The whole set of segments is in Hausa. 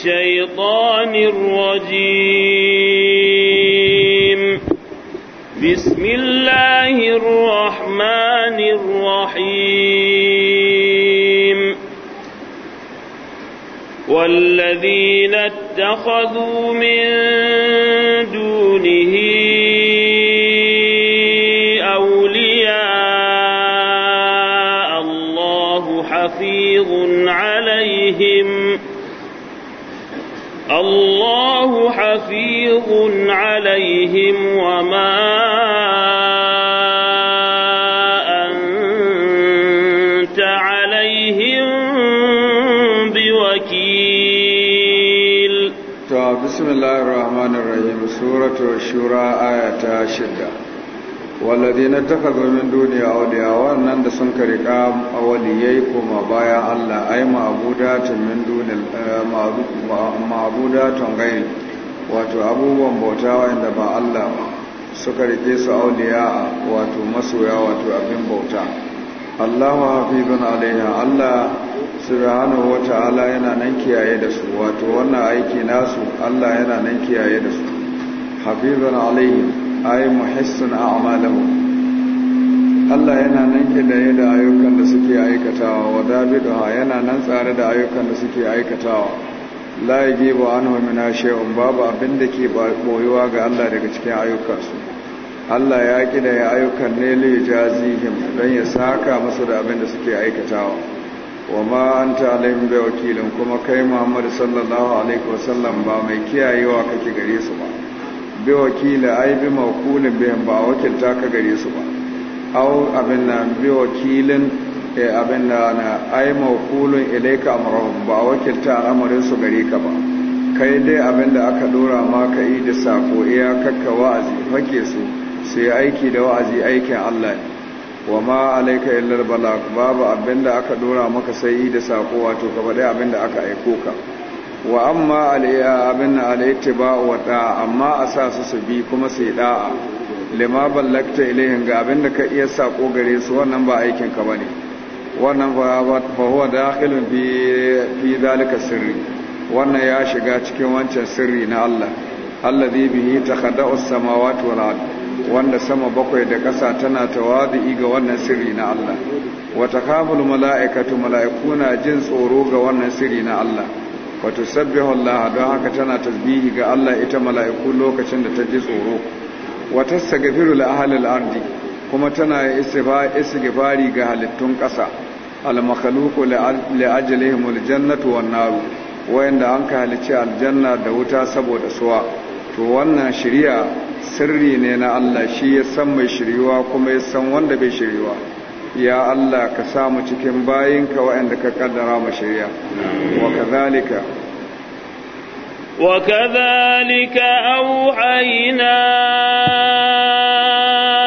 الشيطان الرجيم بسم الله الرحمن الرحيم والذين اتخذوا من دونه أولياء الله حفيظ عليهم الله حفيظ عليهم وما أنت عليهم بوكيل طيب، بسم الله الرحمن الرحيم سورة الشورى آية شدة wallazi na takazo min duniya waliya wannan da sun karika a ko ma baya Allah ai ma'budatun min dunil ma'budatun gai wato abubuwan bauta wanda ba Allah ba suka rike su auliya wato masoya wato abin bauta Allahu hafizun alaiha Allah subhanahu wata'ala yana nan kiyaye da su wato wannan aiki nasu Allah yana nan kiyaye da su hafizun alaihim ayi muhissun a'malahu Allah yana nan kidaye da ayyukan da suke aikatawa wa dabiduha yana nan tsare da ayyukan da suke aikatawa la yajibu anhu min shay'un babu abin da ke boyuwa ga Allah daga cikin ayyukansu Allah ya kidaye ayyukan ne li jazihim dan ya saka musu da abin da suke aikatawa wa ma an ta alaihim wakilin kuma kai muhammad sallallahu alaihi wasallam ba mai kiyayewa kake gare su ba bi wakila ai bi maqulin biyan ba wakilta ka gare su ba au abin nan bi wakilin eh, abin da na ai maqulun ilaika amrahum ba wakilta al'amarin su gare ka ba kai dai abin da aka dora maka yi da sako iya kakka wa'azi fake su su yi aiki da wa'azi aikin Allah ne wa ma alaika illar balagh babu abin da aka dora maka sai yi da sako wato gaba dai abin da aka aiko ka wa amma aliyya abin alayta ba wa ɗa'a, amma a sa su su bi kuma su yi da'a lima ballakta ilihin ga abin da ka iya sako gare su wannan ba aikin ka bane wannan ba huwa dakhilun fi fi zalika sirri wannan ya shiga cikin wancan sirri na Allah allazi bihi ta kada usama wanda sama bakwai da ƙasa tana tawadi'i ga wannan sirri na Allah wata kamul mala'ikatu na jin tsoro ga wannan sirri na Allah wato sabbihu Allah don haka tana tasbihi ga Allah ita mala'iku lokacin da ta ji tsoro wata sagafiru la ardi kuma tana gifari ga halittun ƙasa al makhluqu li ajlihim al jannatu wan wayanda an ka halice aljanna da wuta saboda suwa to wannan shiriya sirri ne na Allah shi ya san mai shiriwa kuma ya san wanda bai shiriwa يا الله كسامو تكين باينك وعندك قدر مشريع وكذلك وكذلك أوحينا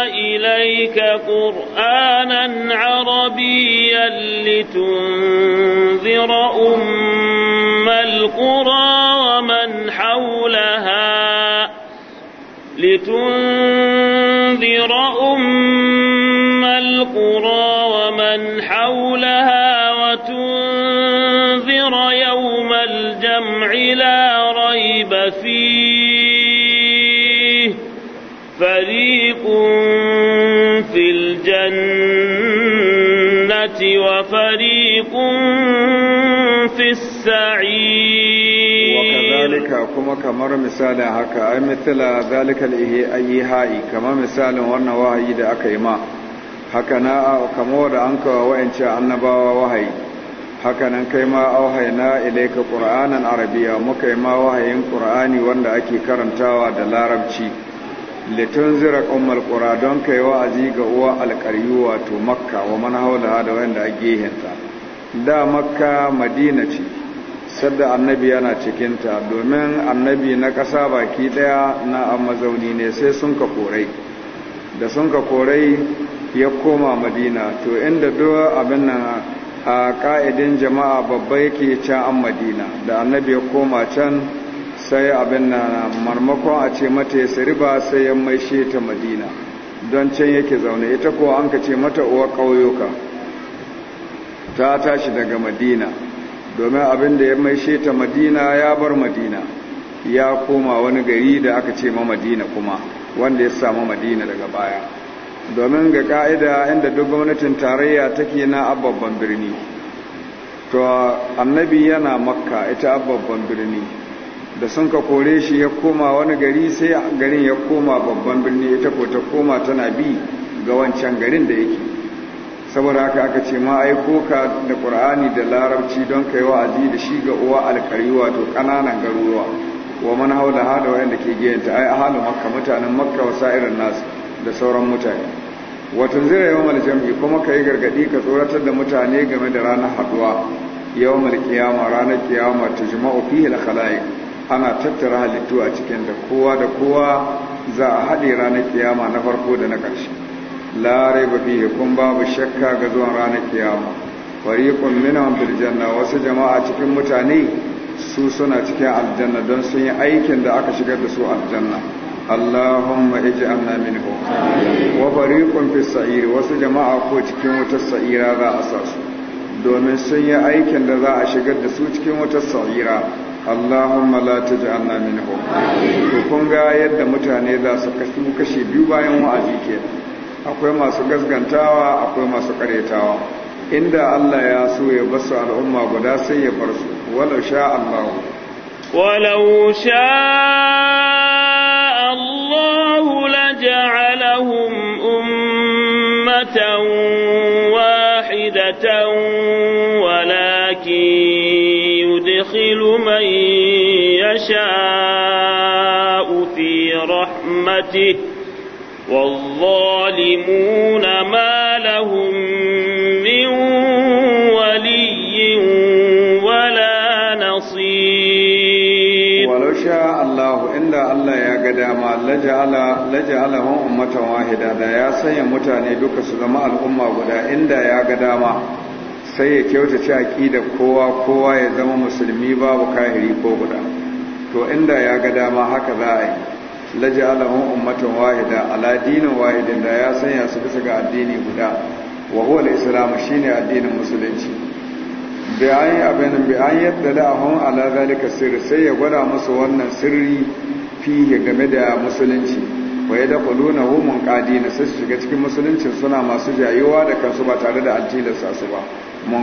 إليك قرآنا عربيا لتنذر أم القرى ومن حولها لتنذر القرى ومن حولها وتنذر يوم الجمع لا ريب فيه فريق في الجنة وفريق في السعير وكذلك كما كمر مثال هكا أي مثل ذلك الإيهائي كما مثال ونواهي لأكيما haka na kamo da an kawo wa'ancin annabawa wahayi haka nan kai ma wahayi na ilaika ƙura'anan arabiya muka yi ma wahayin ƙura'ani wanda ake karantawa da larabci zira ƙunmar ƙura don kai wa'azi ga uwa alƙaryu wato makka wa mana hau da wanda a gehenta da makka madina ce sadda annabi yana cikinta domin annabi na ƙasa baki ɗaya na amma mazauni ne sai sun ka korai da sun ka korai ya koma madina to inda duk abin nan a ka'idin jama'a babba yake can an madina da annabi ya koma can sai abin nan marmakon a ce mata ya riba sai ya maishe ta madina don can yake zaune ita ko an ka ce mata uwa ƙauyuka ta tashi daga madina domin abin da ya maishe ta madina ya bar madina ya koma wani gari da aka ce ma madina kuma wanda ya samu madina daga baya domin ga ka'ida inda duk gwamnatin tarayya take na ababban birni to annabi yana makka ita ababban birni da sun ka kore shi ya koma wani gari sai garin ya koma babban birni ita ko ta koma tana bi ga wancan garin da yake saboda haka aka ce ma aiko ka da ƙur'ani da larabci don kai wa'azi da shi ga uwa alkari wato ƙananan garuruwa wa man haula hada yadda ke giyanta ai ahalu makka mutanen makka wasairin nasu da sauran mutane watan zira yawon aljami kuma ka yi gargadi ka tsoratar da mutane game da ranar haduwa yawon alkiyama ranar kiyama ta jima'u fiye da ana tattara halittu a cikin da kowa da kowa za a haɗe ranar kiyama na farko da na ƙarshe larai ba fiye kun babu shakka ga zuwan ranar kiyama kun minan birjanna wasu jama'a cikin mutane su suna cikin aljanna don sun yi aikin da aka shigar da su aljanna اللهم اجعلنا منه وفريق في السعير wasu jama'a ko cikin wata sa'ira za a sa su domin sun yi aikin da za a shigar da su cikin wata sa'ira Allahumma la taj'alna minhum to kun ga yadda mutane za su kasu kashi biyu bayan wa'azi ke akwai masu gaskantawa akwai masu karetawa inda Allah ya so ya basu al'umma guda sai ya bar su walau sha Allah walau sha ولكن يدخل من يشاء في رحمته والظالمون ما لهم من ولي ولا ولو شاء الله إلا الله يا قدام لجعل laje alaman ummatan wahida da ya sanya mutane duka su zama al'umma guda inda ya ga dama sai ya kyauta kyautace aqida kowa kowa ya zama musulmi babu kahiri ko guda to inda ya ga dama haka za a yi laje alaman ummatan wahida ala dinin wahidin da ya sanya su bisa ga addini guda wa huwa al-islam shine addinin musulunci bayan abin bayan yadda la'ahun ala zalika sirri sai ya gwada musu wannan sirri fiye game da musulunci dafa da homon kadi na sai su shiga cikin musulunci suna masu jayewa da kansu ba tare da an tilasta su ba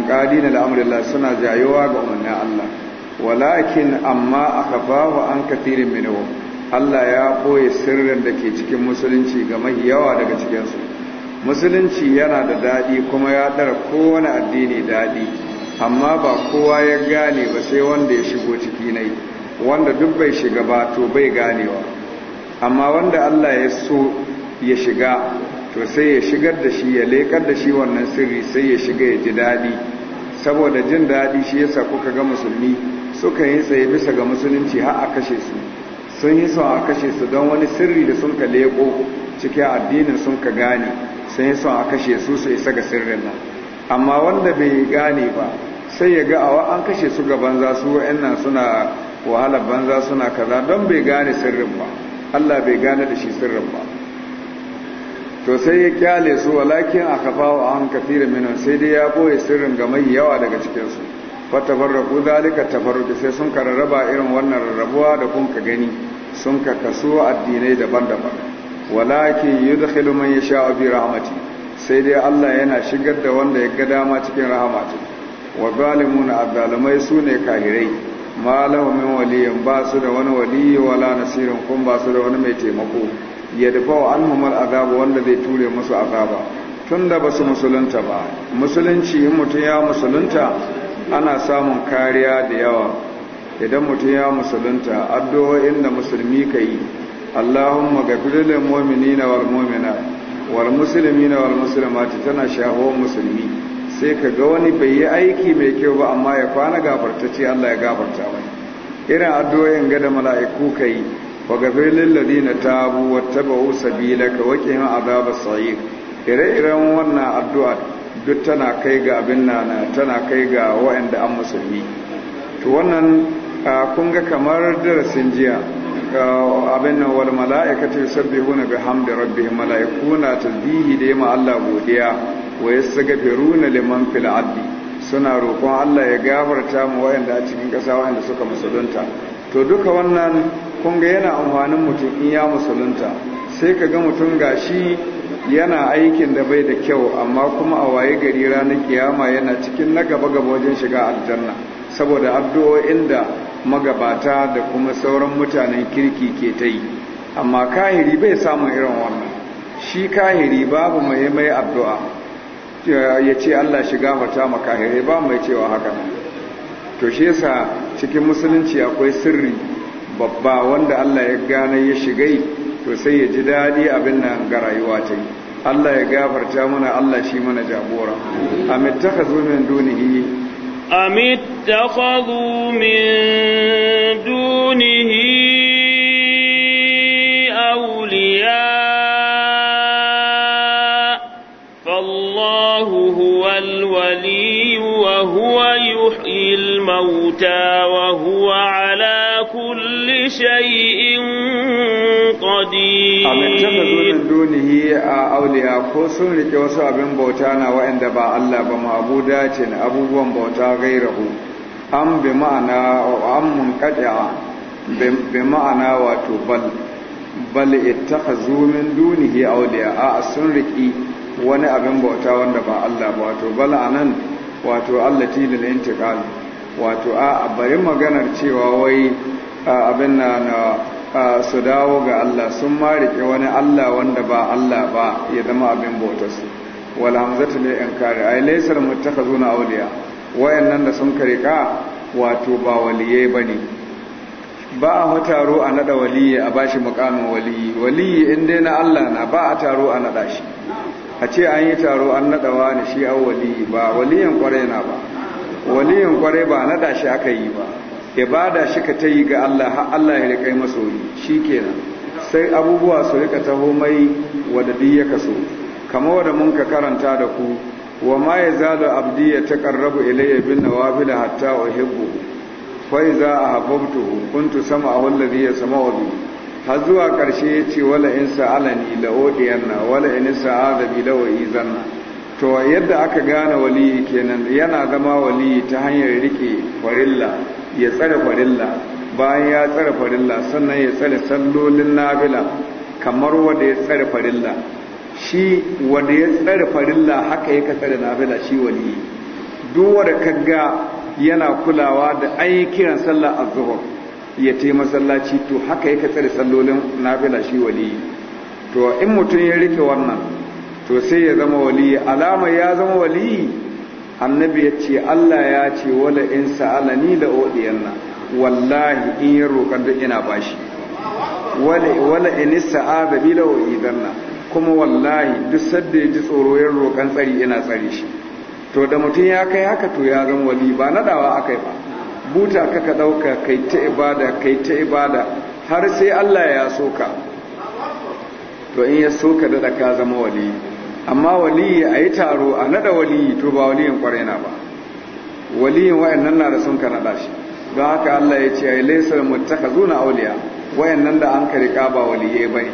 kadi da amrillah suna jayewa ga umarnin Allah walakin amma a wa an kafirin minhum Allah ya koye sirrin da ke cikin musulunci ga mahi yawa daga cikinsu musulunci yana da daɗi kuma ya ɗara kowane addini daɗi amma ba kowa ya gane ba sai wanda ya shigo ciki nai wanda duk bai shiga ba to bai ganewa amma wanda Allah ya so ya shiga to sai ya shigar da shi ya lekar da shi wannan sirri sai ya shiga ya ji daɗi saboda jin daɗi shi yasa kuka ga musulmi suka yi tsaye bisa ga musulunci har a kashe su sun yi son a kashe su don wani sirri da sun ka leko cikin addinin sun ka gane sun yi son a kashe su su isa ga sirrin nan amma wanda bai gane ba sai ya ga awa an kashe su ga banza su wa'annan suna wahalar banza suna kaza don bai gane sirrin ba Allah bai gane da shi sirrin ba to sai ya kyale su walakin a kafawa a hankafira minan sai dai ya boye sirrin ga mai yawa daga cikinsu fata farraku zalika tafarruki sai sun ka rarraba irin wannan rarrabuwa da kun ka gani sun ka kaso addinai daban-daban walakin yudkhilu man sha bi rahmati sai dai Allah yana shigar da wanda ya ga dama cikin rahmatin wa zalimuna su sune kahirai ma lahu min waliyin ba su da wani waliyi wala nasirin kun ba su da wani mai taimako ya dafa wa alhumar azaba wanda zai ture musu azaba tun da ba su musulunta ba musulunci in mutum ya musulunta ana samun kariya da yawa idan mutum ya musulunta addu'o'in da musulmi ka yi allahumma gafir lil mu'minina wal mu'minat wal muslimina wal tana shaho musulmi sai ka ga wani bai yi aiki mai kyau ba amma ya kwana ce Allah ya gafarta mai irin addu'o'in ga da mala'iku kai wa gafir lil na tabu bila ka wa qina adhabas sa'ir ire-iren wannan addu'a duk tana kai ga abin nan tana kai ga waɗanda an musulmi to wannan kun ga kamar darasin jiya abin nan wal hamdi rabbi mala’iku na ta tasbihi da yi Allah godiya wa runa liman fil suna roƙon Allah ya gafarta mu wayanda a cikin ƙasa da suka musulunta to duka wannan kunga yana amfanin mutum in ya musulunta sai ka ga mutum gashi yana aikin da bai da kyau amma kuma a waye gari ranar kiyama yana cikin na gaba gaba wajen shiga aljanna saboda addu'o'in da magabata da kuma sauran mutanen kirki ke ta yi amma kahiri bai samun irin wannan shi kahiri babu mai mai addu'a ya ce Allah shi gafata ma kahiri ba mai cewa haka to shi yasa cikin musulunci akwai sirri babba wanda Allah ya gane ya shigai to sai ya ji daɗi abin nan ga rayuwa ta yi Allah ya gafarta mana Allah shi mana jagora a mittaka dunihi أم اتخذوا من دونه هُوَ الْوَلِيُّ وَهُوَ يُحْيِي الْمَوْتَى وَهُوَ عَلَى كُلِّ شَيْءٍ قَدِيرٌ أَمَّا تَتَّخِذُونَ مِن دُونِهِ أَوْلِيَاءَ ko sun riƙe wasu abin bauta na wa'anda ba Allah ba ma'buda ce na abubuwan bauta gairahu an ma'ana an munqati'a ma'ana wato bal bal ittakhazu min a sun riƙi. wani abin bauta wanda ba Allah ba wato bala anan wato Allah tilil intiqal wato a bari maganar cewa wai abin na su dawo ga Allah sun ma rike wani Allah wanda ba Allah ba ya zama abin su wala hamzatu kare? inkari ay laysa al muttakhazuna awliya wayannan da sun karika wato ba waliyai bane ba a taro a nada waliyi a bashi mukamin waliyi waliyi in dai na Allah na ba a taro a nada shi a ce an yi taro an naɗawa wani shi an waliyi ba waliyan kwarai na ba waliyan kwarai ba naɗa shi aka yi ba ibada shi ka ta yi ga Allah har Allah ya rikai masoyi shi kenan sai abubuwa su rika taho mai wadda duk ya kaso kamar wadda mun ka karanta da ku wa ma ya zalu abdi ya taqarrabu ilayya bin nawafil hatta hibbu fa iza ahabbtu kuntu sama'ahu alladhi yasma'u bihi Hazuwa zuwa ƙarshe ya ce wala in sa'alani la'odiyanna wala in sa'adabi la'o'izanna to yadda aka gane waliyi kenan yana zama waliyi ta hanyar rike farilla ya tsare farilla bayan ya tsare farilla sannan ya tsare sallolin nafila kamar wanda ya tsare farilla shi wanda ya tsare farilla haka yake tsare nafila shi waliyi duk wanda kaga yana kulawa da ayyukan kiran sallar azhar ya te masallaci to haka ya katsar sallolin nafila shi waliyi to in mutum ya rike wannan to sai ya zama waliyi alama ya zama waliyi annabi ya ce Allah ya ce wala in da la nan wallahi in ya roƙar da ina bashi wala in sa'ada bi la nan kuma wallahi duk sadda ya ji tsoro ya roƙan tsari ina tsari shi to da mutum ya kai haka to ya zama wali ba na dawa aka akai ba buta ka ka ɗauka kai ta ibada kai ta ibada har sai Allah ya so ka to in ya so ka daɗa ka zama wali amma wali a yi taro a naɗa wali to ba waliyin ƙwarai na ba waliyin wayannan na da sun ka nada shi don haka Allah ya ce ai laisar muttakhazuna zuna wayannan da an rika ba waliyai bai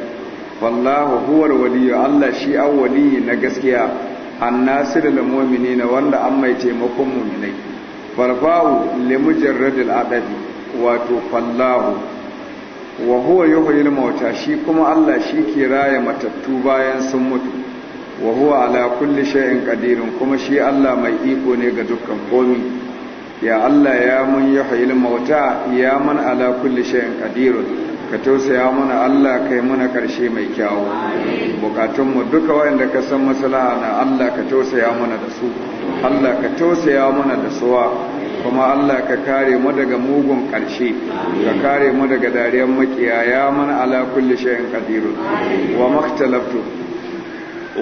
wallahu huwal wali Allah shi an na gaskiya annasirul mu'minina wanda an mai taimakon mu'minai farfa'u limujarradil adabi wato fallahu wa huwa yuhyil mauta shi kuma Allah shi ke raya matattu bayan sun mutu wa huwa ala kulli shay'in qadirun kuma shi Allah mai iko ne ga dukkan komi ya Allah ya mun yuhyil mauta ya man ala kulli shay'in qadirun ka tausaya mana Allah kai mana ƙarshe mai kyawu bukatunmu duka wayanda ka san maslaha na Allah ka tausaya mana da su Allah ka tausaya mana da suwa kuma Allah ka kare mu daga mugun ƙarshe. ka kare mu daga dariyar makiyaya mana ala kulli shay'in qadirun wa makhtalaftu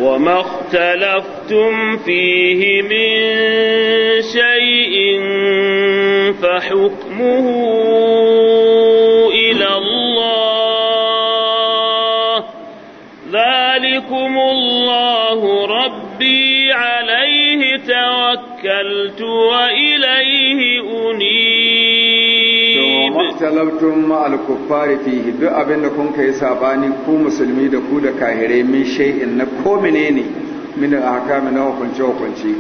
wa makhtalaftum fihi min fa hukmuhu ila الله ربي عليه توكلت وإليه أنيب واختلفتم مع الكفار فيه duk abin da kun kai sabani ku musulmi da ku da kahirai min shay'in na ko menene min al-ahkam na hukunce hukunci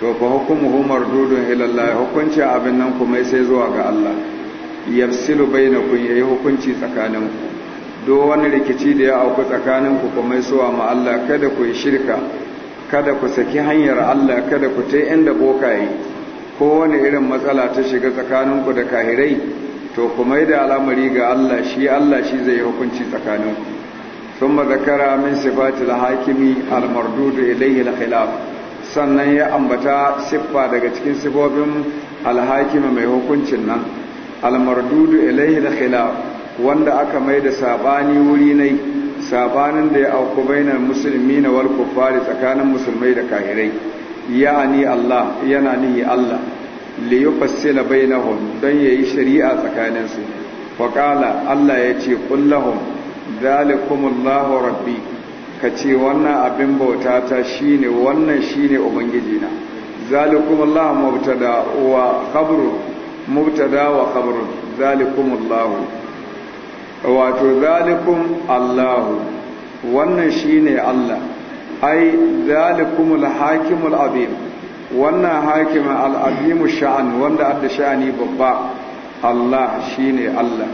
to fa hukumuhu mardudun ila Allah hukunci abin nan kuma sai zuwa ga Allah yafsilu bainakum yayi hukunci tsakaninku do wani rikici da ya auku tsakanin ku kuma suwa ma Allah kada ku yi shirka kada ku saki hanyar Allah kada ku ta inda bokaye ko wani irin matsala ta shiga tsakanin ku da kahirai to ku mai da al'amari ga Allah shi Allah shi zai hukunci tsakanin ku min ذكر hakimi al mardud ilayhi al khilaf sannan ya ambata siffa daga cikin sifofin alhakima mai hukuncin nan almardudu ilayhi al khilaf wanda aka mai da sabani wuri ne sabanin da ya auku bainar musulmi na wal kufari tsakanin musulmai da kahirai ya'ani Allah yana nihi Allah li yufassila don dan yayi shari'a tsakanin su fa qala Allah yace qul lahum zalikumullahu rabbi kace wannan abin bauta ta shine wannan shine ubangiji na zalikumullahu mubtada wa khabru mubtada wa khabru zalikumullahu wato zalikum allahu wannan shine allah ai zalikum alhakimul azim wannan hakim al'azimu sha'an wanda adda sha'ani babba allah shine allah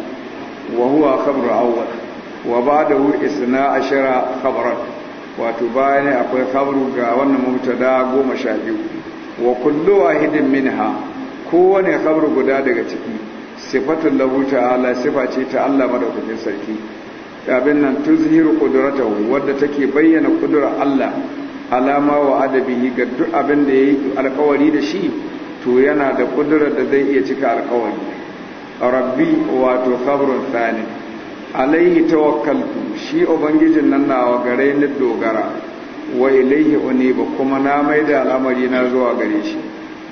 wa huwa khabru awwal wa ba'dahu isna ashara khabran wato bayan akwai khabru ga wannan mubtada goma sha biyu wa kullu wahidin minha kowane khabru guda daga ciki sifatun lahu ta'ala sifa ce ta Allah madaukakin sarki abin nan tun zihiru kudurata wadda take bayyana kudura Allah alama wa adabihi ga duk abin da yayi alƙawari da shi to yana da kudura da zai iya cika alƙawari rabbi wato khabrun thani alaihi tawakkaltu shi ubangijin nan nawa gare ni dogara wa ilaihi ba kuma na mai da al'amari na zuwa gare shi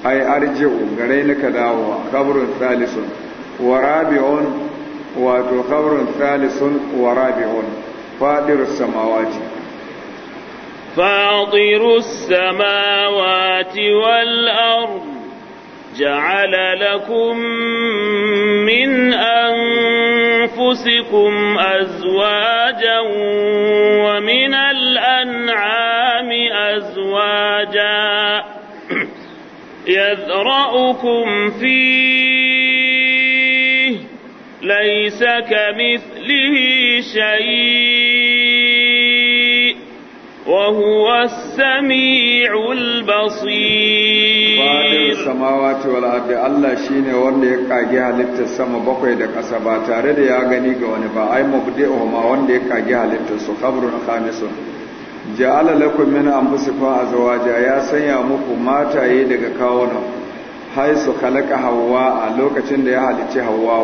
ai arji'u gare ni ka dawo khabrun thalisun ورابع وخبر ثالث ورابع فاطر السماوات فاطر السماوات والأرض جعل لكم من أنفسكم أزواجا ومن الأنعام أزواجا يذرأكم فيه ليس كمثله شيء وهو السميع البصير fadin samawati wal ardi Allah shine wanda ya kage halittar sama bakwai da ƙasa ba tare da ya gani ga wani ba ai ma wanda ya kage halittar su qabrun khamisun ja'ala lakum min anfusikum azwaja ya sanya muku mataye daga kawunan haisu khalaqa hawa a lokacin da ya halicci hawa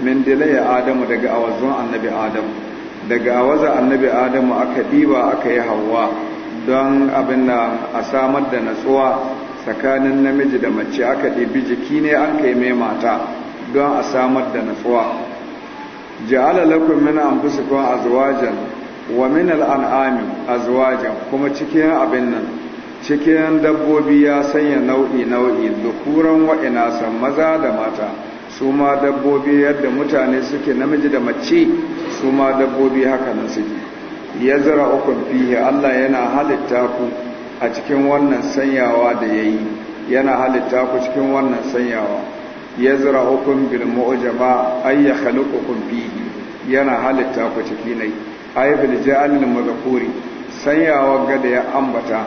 min dilaya adamu daga awazon annabi adamu daga awaza annabi adamu aka diba aka yi hawa don abin da a samar da natsuwa tsakanin namiji da mace aka ɗibi jiki ne an kai mai mata don a samar da natsuwa ja'ala lakum min anfusikum azwajan wa min al'an'ami azwajan kuma cikin abin nan cikin dabbobi ya sanya nau'i nau'i dukuran wa'ina san maza da mata su ma dabbobi yadda mutane suke namiji da mace su ma dabbobi haka nan suke ya zara ukun fiye Allah yana halitta ku a cikin wannan sanyawa da ya yi yana halitta ku cikin wannan sanyawa ya zara ukun bil an yi halittu khaluqukum fiye yana halitta ku ciki ne yi bilje ja'alil mazakuri sanyawa gada ya ambata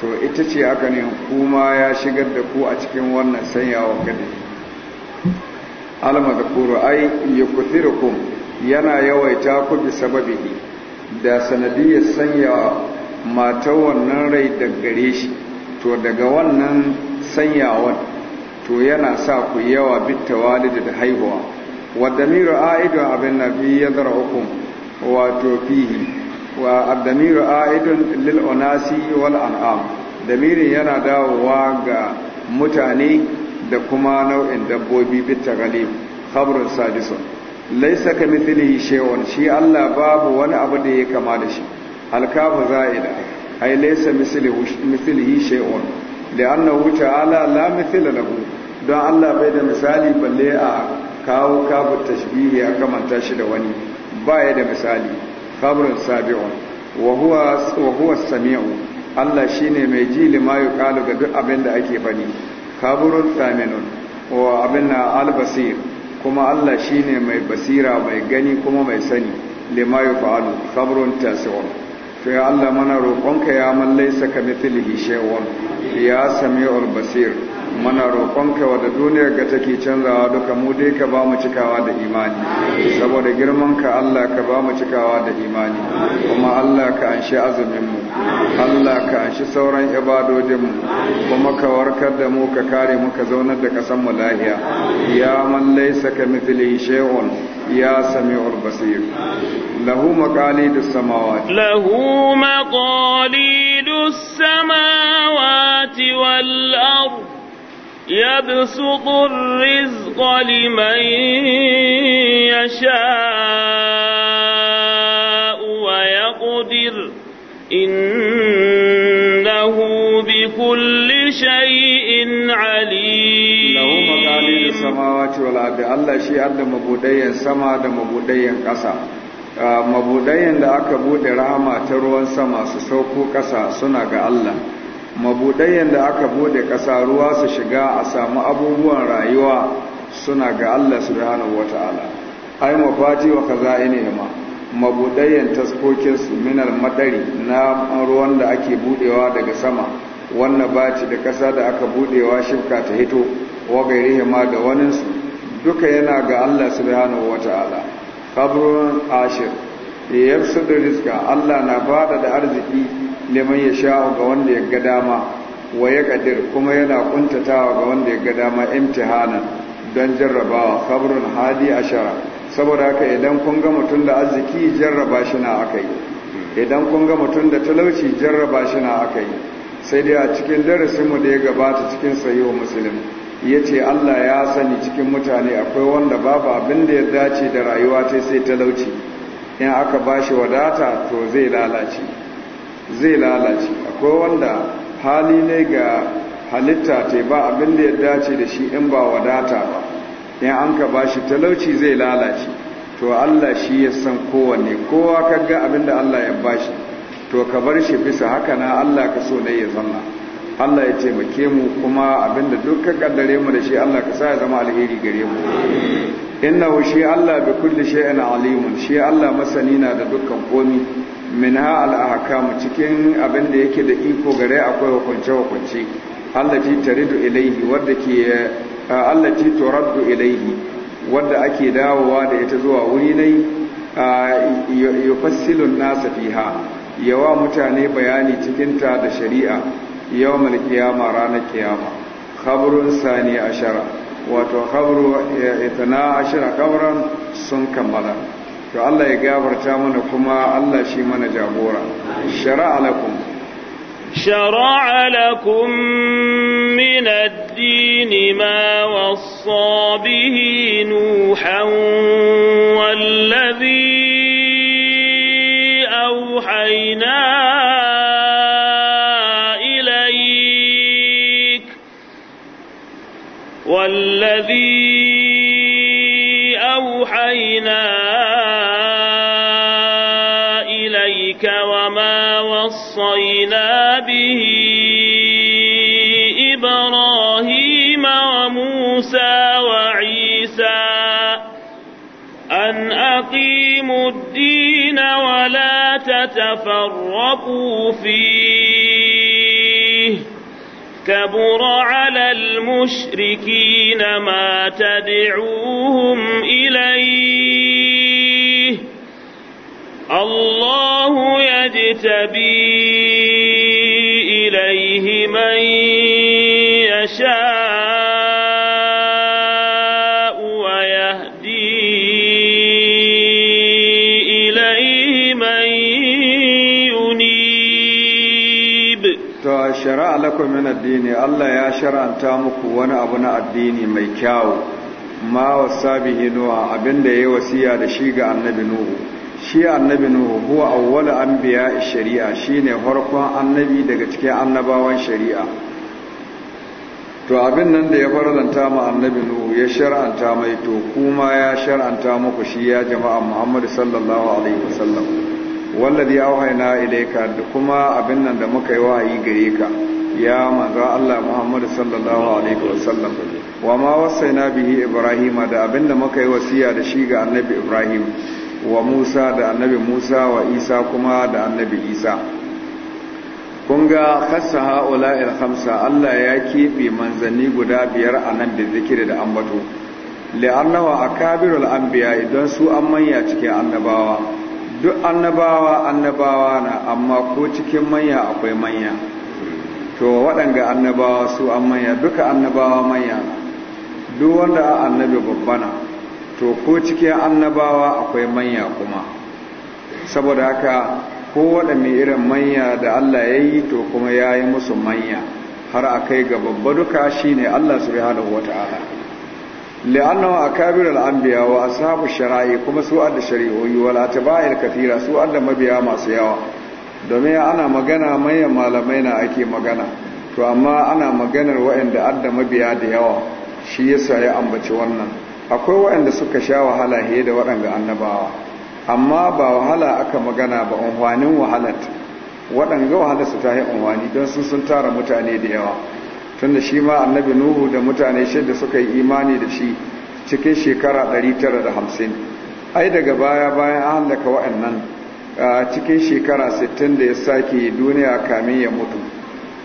to ita ce aka ne kuma ya shigar da ku a cikin wannan sanyawa gada. da almadhkuru ay yukthirukum yana yawaita ku bi sababi da sanadiyar sanya mata wannan rai da gare shi to daga wannan sanyawan to yana sa ku yawa bitawalid da haihuwa wa damiru aidu abin nabi yadra'ukum wato fihi wa addamiru a'idun lil unasi wal an'am damirin yana dawowa ga mutane da kuma nau'in dabbobi bitta gali khabrun sadisun laisa ka shay'un shi Allah babu wani abu da ya kama da shi alkafu za'ida ai laisa mithlihi shay'un li'annahu ta'ala la mithla lahu don Allah bai da misali balle a kawo kafu tashbihi a kamanta shi da wani baya da misali khabrun sabi'un wa huwa wa huwa samiu Allah shine mai ji lima yuqalu ga duk abin da ake bani. kaburun tsaminun wa abin albasir kuma Allah shi ne mai basira mai gani kuma mai sani lima yi fa'alu kaburun tasiwon to ya Allah mana roƙonka ya mallai saka mithilihi shewon ya sami basir muna roƙonka wadda duniyar ga take canzawa duka mu dai ka ba mu cikawa da imani saboda girmanka Allah ka ba mu cikawa da imani kuma Allah ka anshi azuminmu Allah ka anshi sauran ibadodinmu kuma ka warkar da mu ka kare mu ka zaunar da kasan mu lahiya ya man laysa ka mithlihi shay'un ya sami'ul basir lahu maqalidus samawati lahu maqalidus samawati wal ardh Yadda su kuris ƙolin mani ya sha uwa ƙudir in da hudu Da Allah shi ya yi sama da mabuɗayan ƙasa. Mabuɗayan da aka buɗe rama ta ruwan sama su sauko ƙasa suna ga Allah. mabudayen da aka bude ƙasa ruwa su shiga a samu abubuwan rayuwa suna ga Allah subhanahu wata'ala ai mafati wa ma mabudayen taskokin su minal madari na ruwan da ake budewa daga sama wannan baci da kasa da aka budewa shifka ta hito wa gairihima da waninsu duka yana ga Allah subhanahu wata'ala qabrun ashir yafsudu rizqa Allah na bada da arziki liman ya sha ga wanda ya ga dama wa ya kadir kuma yana kuntatawa ga wanda ya ga dama imtihanan don jarrabawa sabrun hadi ashara saboda haka idan kun ga mutum da arziki jarraba shi na akai idan kun ga mutum da talauci jarraba shi na akai sai dai a cikin darasin mu da ya gabata cikin sahihu muslim yace Allah ya sani cikin mutane akwai wanda babu abin da ya dace da rayuwa sai talauci in aka bashi wadata to zai lalace zai lalace akwai wanda hali ne ga halitta ta ba abin da ya dace da shi in ba wadata ba in an ka ba shi talauci zai lalace to Allah shi ya san kowanne kowa ka ga abin da Allah ya ba shi to ka bar shi bisa haka na Allah ka so ne ya zanna Allah ya taimake mu kuma abin da duk kaddare mu da shi Allah ka sa ya zama alheri gare mu innahu shi Allah bi kulli shay'in alimun shi Allah masani na da dukkan komi minha al'ahakamu cikin abin da yake da iko gare akwai hukunce-hukunce allati taridu ilaihi wadda ke allati ilaihi wadda ake dawowa da ita zuwa wuri nai yufassilun nasa fiha yawa mutane bayani cikin ta da shari'a yawmal qiyama ranar kiyama khabrun sani ashara wato khabru itna ashara sun kammala to Allah ya gafarta mana kuma Allah shi mana jagora shara'a lakum shara'a lakum min ad-din ma wassa bihi nuhan wallazi awhayna والذي أوحينا ووصينا به إبراهيم وموسى وعيسى أن أقيموا الدين ولا تتفرقوا فيه كبر على المشركين ما تدعوهم إليه الله يجتبي إليه من يشاء ويهدي إليه من ينيب شرع لكم من الدين الله يا شرع تامك وانا أبناء الدين ميكاو ما وصى به نوع أبن ده وسيا ده شيء النبي نوح shi annabi nuhu huwa awwalu anbiya shari'a shine farkon annabi daga cikin annabawan shari'a to abin nan da ya faranta ma annabi nuhu ya shar'anta mai to kuma ya shar'anta muku shi ya jama'a muhammadu sallallahu alaihi wasallam wallazi auhayna ilayka da kuma abin nan da muka yi wahayi gare ka ya manzo Allah muhammadu sallallahu alaihi wasallam wa ma wasaina bihi ibrahima da abin da muka yi wasiya da shi ga annabi ibrahim wa musa da annabi musa wa isa kuma da annabi isa kun ga kasa ha'ula ilhamsa allah ya keɓe manzanni guda biyar a nan da zikiri da ambato li'annawa a kabirul anbiya idan su an manya cikin annabawa duk annabawa annabawa na amma ko cikin manya akwai manya to waɗanga annabawa su an manya duka annabawa manya duk wanda annabi babbana to ko cikin annabawa akwai manya kuma saboda haka ko waɗanne irin manya da Allah ya yi to kuma ya yi musu manya har a kai ga babba duka shi ne Allah su subhanahu wa ta'ala wa akabir al wa sabu shara'i kuma su adda shari'o'i lati atba'il kafira su adda mabiya masu yawa domin ana magana manyan malamai na ake magana to amma ana maganar waɗanda adda mabiya da yawa shi yasa ya ambaci wannan akwai waɗanda suka sha wahala he da waɗanda annabawa amma ba wahala aka magana ba unhwanin wahalat waɗanga wahalar su ta yi unhwani don sun sun tara mutane da yawa tun da shi ma annabi nuhu da mutane shidda suka yi imani da shi cikin shekara 950 ai daga baya bayan an hallaka waɗannan a cikin shekara 60 da ya sake duniya kamin ya mutu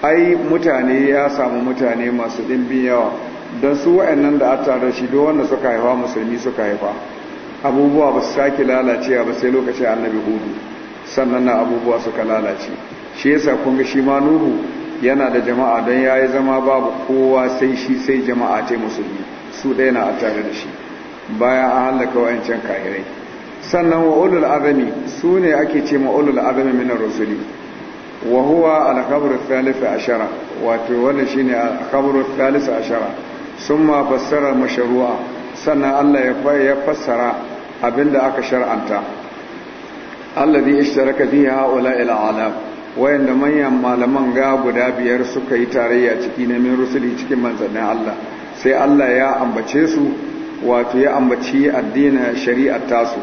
ai mutane ya samu mutane masu ɗimbin yawa don su wa'annan da a tare shi don wanda suka haifa musulmi suka haifa abubuwa ba su sake lalace ba sai lokacin annabi hudu sannan na abubuwa suka lalace shi yasa kun ga shi ma nuhu yana da jama'a don ya yi zama babu kowa sai shi sai jama'a ce musulmi su ɗaya na a tare da shi bayan an hallaka wa'ancan kahirai sannan wa ulul azami su ne ake ce ma ulul azami minar rusuli wa huwa al-khabru thalith ashara wato wannan shine al-khabru thalith ashara sun ma fassara masharuwa sannan Allah ya fassara abinda aka shar'anta allazi ishtaraka ya ha'ula ila alam wayanda manyan malaman ga guda biyar suka yi tarayya ciki na min rusuli cikin manzannin Allah sai Allah ya ambace su wato ya ambaci addinin shari'ar tasu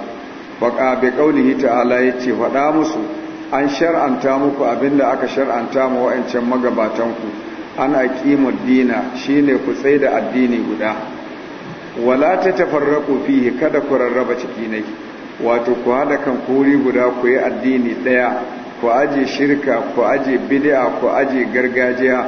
baqa bi qaulihi ta'ala yace faɗa musu an shar'anta muku abinda aka shar'anta mu wa'ancan magabatan ku ana kimar dina shine ku tsaye da addini guda wala ta tafarraku fihi kada ku rarraba ciki ne wato ku hada kan kuri guda ku yi addini daya ku aje shirka ku aje bid'a ku aje gargajiya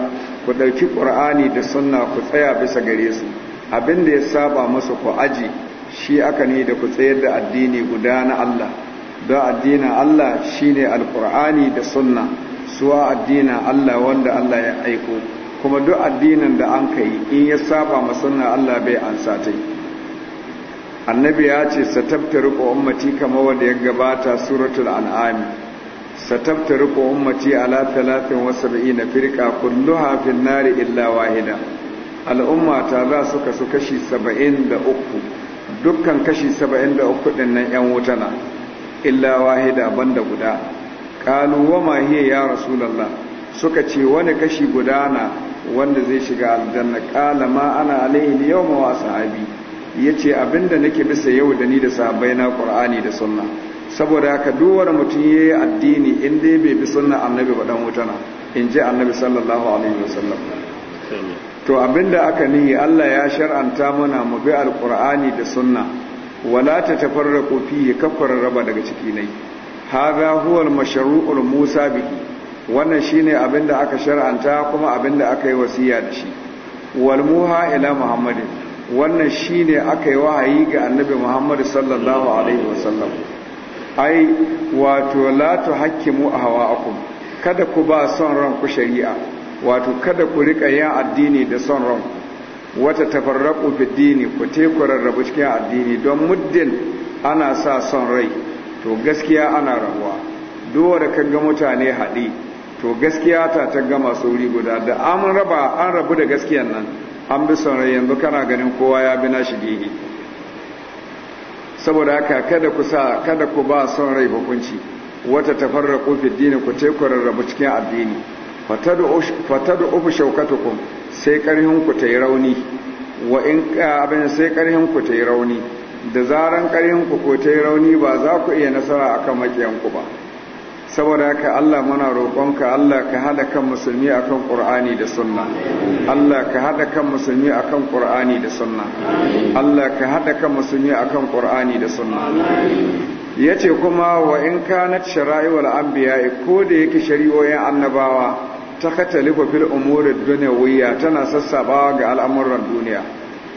ku dauki qur'ani da sunna ku tsaya bisa gare su abin da ya saba musu ku aje shi aka ne da ku tsayar da addini guda na Allah don addinin Allah shine alqur'ani da sunna suwa addinin Allah wanda Allah ya aiko kuma duk addinin da an ka yi in ya saba masanna Allah bai ansa ta annabi ya ce satabtaru ko ummati kamar wanda ya gabata suratul an'am satabtaru ko ummati ala 73 firqa kulluha fin nari illa wahida al'umma ta za su kasu kashi 73 dukkan kashi 73 din nan yan wuta na illa wahida banda guda qalu wa ma hiya ya rasulullah suka ce wani kashi gudana wanda zai shiga aljanna kala ma ana alaihi yau wa sahabi yace abinda nake bisa yau da ni da sahabai na qur'ani da sunna saboda haka duk mutum mutum yi addini in dai bai bi sunna annabi ba dan wutana in ji annabi sallallahu alaihi wasallam to abinda aka ni Allah ya shar'anta mana mu bi alqur'ani da sunna wala tatafarraqu fihi kaffara raba daga ciki nai hadha huwa al musa bihi wannan ne abin da aka shar'anta kuma abin da aka yi wasiya da shi walmuha ila muhammadin wannan shi ne aka yi wahayi ga annabi Muhammadu sallallahu alaihi wasallam ai wato a hawa ahwa'akum kada ku ba son ran ku shari'a wato kada ku rika yin addini da son ranku wata tafarraku fi dini ku te ku rarrabu cikin addini don muddin ana sa son rai to gaskiya ana rabuwa duwa da ga mutane haɗi to gaskiya ta ta gama sauri guda da an raba an rabu da gaskiyan nan an bi son yanzu kana ganin kowa ya bi nashi gege saboda haka kada ku sa kada ku ba son rai hukunci wata tafarraqu fi dini ku ce ku rarrabu cikin addini fatadu fatadu shaukatukum sai karhin ku tayi rauni wa in abin sai karhin ku tayi rauni da zaran karhin ku ko tayi rauni ba za ku iya nasara akan makiyan ku ba saboda haka Allah muna roƙonka Allah ka hada kan musulmi akan Qur'ani da sunna Allah ka hada kan musulmi akan Qur'ani da sunna Allah ka hada kan musulmi akan Qur'ani da sunna yace kuma wa in kanat wal anbiya ko da yake shari'o'in annabawa ta katalifa fil umuri dunyawiyya tana sassabawa ga al'amuran duniya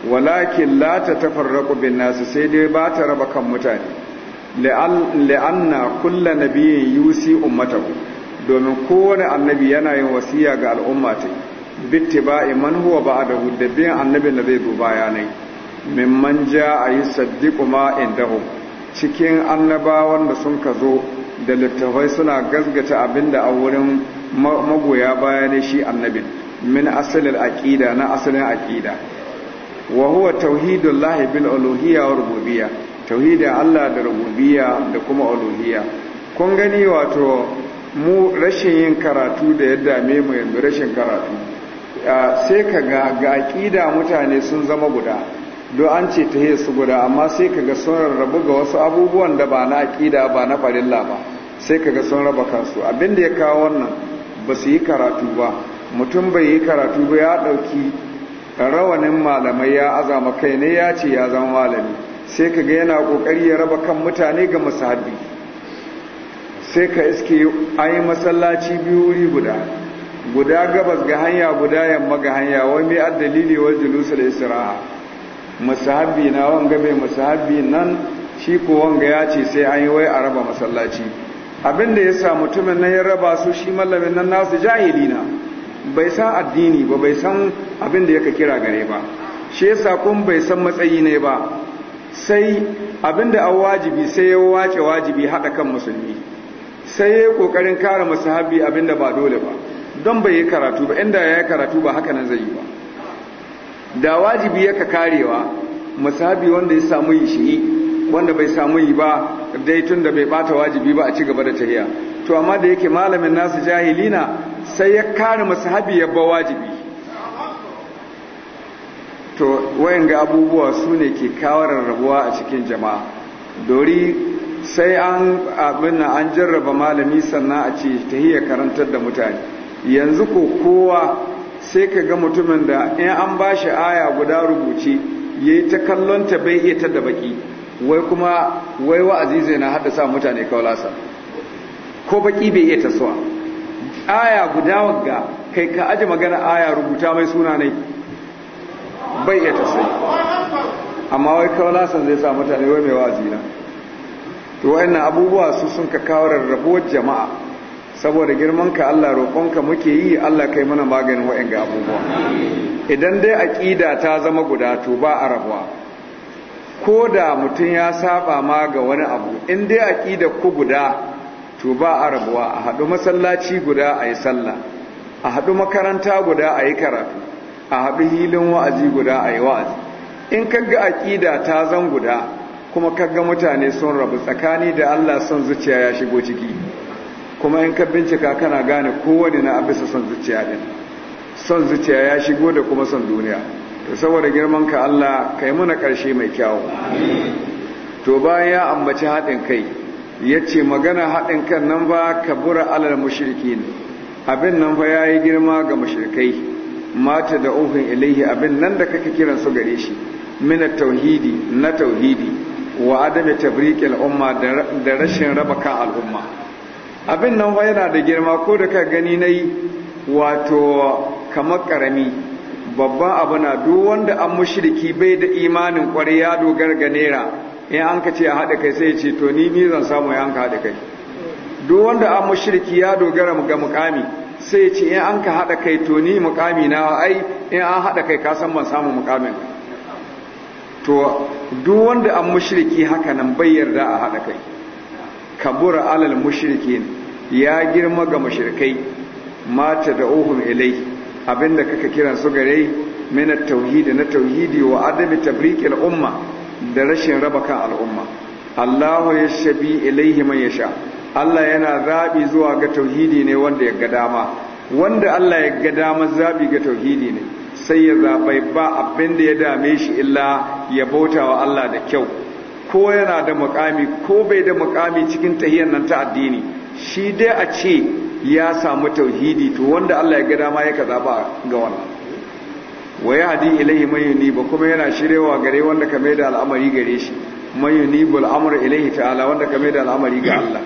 walakin la ta tafarraqu bin nas sai dai ba ta raba kan mutane la'anna kulla nabiyin yusi ummatahu domin kowane annabi yana yin wasiya ga al'umma ta bittiba'i man ba a da biyan annabin da zai zo bayanai mimman ja'a yusaddiqu ma indahum cikin annabawan da sun ka zo da littafai suna gasgata abinda a wurin magoya bayanai shi annabin min asalin aƙida na asalin aƙida. wa huwa tauhidullahi bil uluhiyya wa rububiyya tauhidin Allah da rububiyya da kuma uluhiyya kun gani wato mu rashin yin karatu da yadda me mu yanzu rashin karatu sai ka ga ga aqida mutane sun zama guda do an ce ta su guda amma sai ka ga sun rabu ga wasu abubuwan da ba na aqida ba na farilla ba sai ka ga sun raba kansu abinda ya kawo wannan ba su yi karatu ba mutum bai yi karatu ba ya dauki rawanin malamai ya azama kai ne ya ce ya zama malami sai ka ga yana kokari ya raba kan mutane ga musahabi sai ka iske yi masallaci biyu wuri guda guda gabas ga hanya guda yamma ga hanya wai mai addalili wa julusul isra'a musahabi na wanga mai musahabi nan shi ko wanga ya ce sai an yi wai a raba masallaci abinda ya sa mutumin nan ya raba su shi mallamin nan nasu jahili na bai san addini ba bai san abinda yaka kira gare ba shi yasa kun bai san matsayi ne ba sai abinda a wajibi sai ya wace wajibi haɗa kan musulmi sai ya yi ƙoƙarin kare musahabi abinda ba dole ba don bai yi karatu ba inda ya yi karatu ba haka nan zai yi ba da wajibi yaka karewa musahabi wanda ya samu yi shi wanda bai samu yi ba dai tun da bai bata wajibi ba a ci gaba da tahiya to amma da yake malamin nasu jahilina sai ya kare musahabi ya ba wajibi to wayan ga abubuwa su ne ke kawar rabuwa a cikin jama'a dori sai an abin na an jarraba malami sannan a ce ta hiyar karantar da mutane yanzu ko kowa sai ka ga mutumin da in an ba shi aya guda rubuce ya yi ta kallonta bai iya ta da baki wai kuma wai wa'azi zai na haddasa mutane kaulasa ko baki bai iya suwa aya guda wagga kai ka aji magana aya rubuta mai suna ne bai iya sai. amma wai san zai sa mutane wai mai wazi na to wayannan abubuwa su sun ka kawo rarrabuwar jama'a saboda girman ka Allah roƙonka muke yi Allah kai mana maganin wayanga abubuwa idan dai aqida ta zama guda to ba a rabuwa ko da mutum ya saba ma ga wani abu in dai aƙida ku guda to ba a rabuwa a haɗu masallaci guda a yi sallah a haɗu makaranta guda a yi karatu a haɗu hilin wa'azi guda a yi wa'azi in kaga aƙida ta zan guda kuma kaga mutane sun rabu tsakani da Allah son zuciya ya shigo ciki kuma in ka bincika kana gane kowane na abisa son zuciya din son zuciya ya shigo da kuma son duniya to saboda girman ka Allah kai muna ƙarshe mai kyawu to bayan ya ambaci haɗin kai ya ce magana haɗin kan nan ba ka bura alal mushriki ne abin nan fa ya yi girma ga mushrikai mata da ofin ilaihi abin nan da kake kiran su gare shi mina tauhidi na tauhidi wa adami tabriqil umma da rashin raba kan al'umma abin nan fa yana da girma ko da ka gani nayi wato kamar karami babban abu na duk wanda an mushriki bai da imanin kwarai ya dogara ga naira in an ka ce a haɗa kai sai ya ce to ni ni zan samu ya an ka haɗa kai duk wanda an mushriki ya dogara ga mukami sai ce in an ka haɗa kai to ni mukami na ai in an haɗa kai ka san ban samu mukamin to duk wanda an mushriki haka nan bai yarda a haɗa kai kabura alal mushrikin ya girma ga mushrikai mata da uhum ilai abinda kaka kiran su gare min at-tauhid na tauhidi wa adami tabriq umma da rashin raba kan al'umma Allahu yashbi ilaihi man yasha Allah yana zaɓi zuwa ga tauhidi ne wanda ya ga dama wanda Allah ya ga dama zaɓi ga tauhidi ne sai ya zaɓai ba abinda ya dame shi illa ya bauta wa Allah da kyau ko yana da mukami ko bai da mukami cikin tahiyar nan ta addini shi dai a ce ya samu tauhidi to wanda Allah ya ga dama ya ka zaɓa ga wannan wa ya hadi ilaihi man yuni ba kuma yana shirewa gare wanda ka mai da al'amari gare shi man yunibul amra ilaihi ta'ala wanda kame da al'amari ga Allah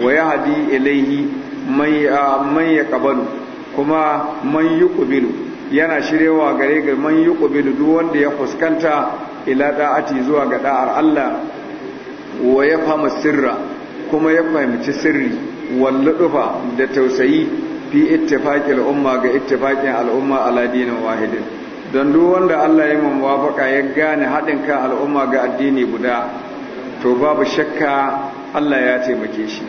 wa yahdi ilaihi man man yaqbalu kuma man yuqbilu yana shirewa gare ga man yuqbilu duk wanda ya fuskanta ila da'ati zuwa ga da'ar Allah wa ya fama sirra kuma ya fahimci sirri walladufa da tausayi fi ittifaqil umma ga ittifaqin al'umma ala dinin wahidin don duk wanda Allah ya baka ya gane haɗin kan al'umma ga addini guda to babu shakka Allah ya taimake shi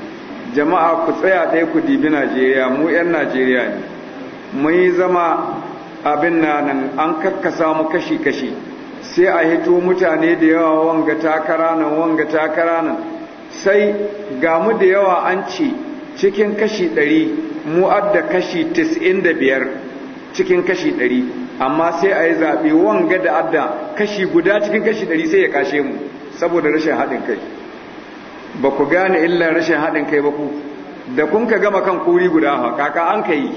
jama'a ku tsaya ɗaya ku dibi Najeriya mu 'yan Najeriya ne mun yi zama abin na nan an kakkasa mu kashi-kashi sai a hito mutane da yawa wanga takara nan wanga takara nan sai ga mu da yawa an ce cikin kashi ɗari mu adda kashi 95 cikin kashi ɗari amma sai a yi zaɓe wanga da adda kashi guda cikin kashi ɗari sai ya kashe mu saboda rashin haɗin kai ba ku gane illa rashin haɗin kai ba ku da kun ka gama kan kuri guda ha kaka an ka yi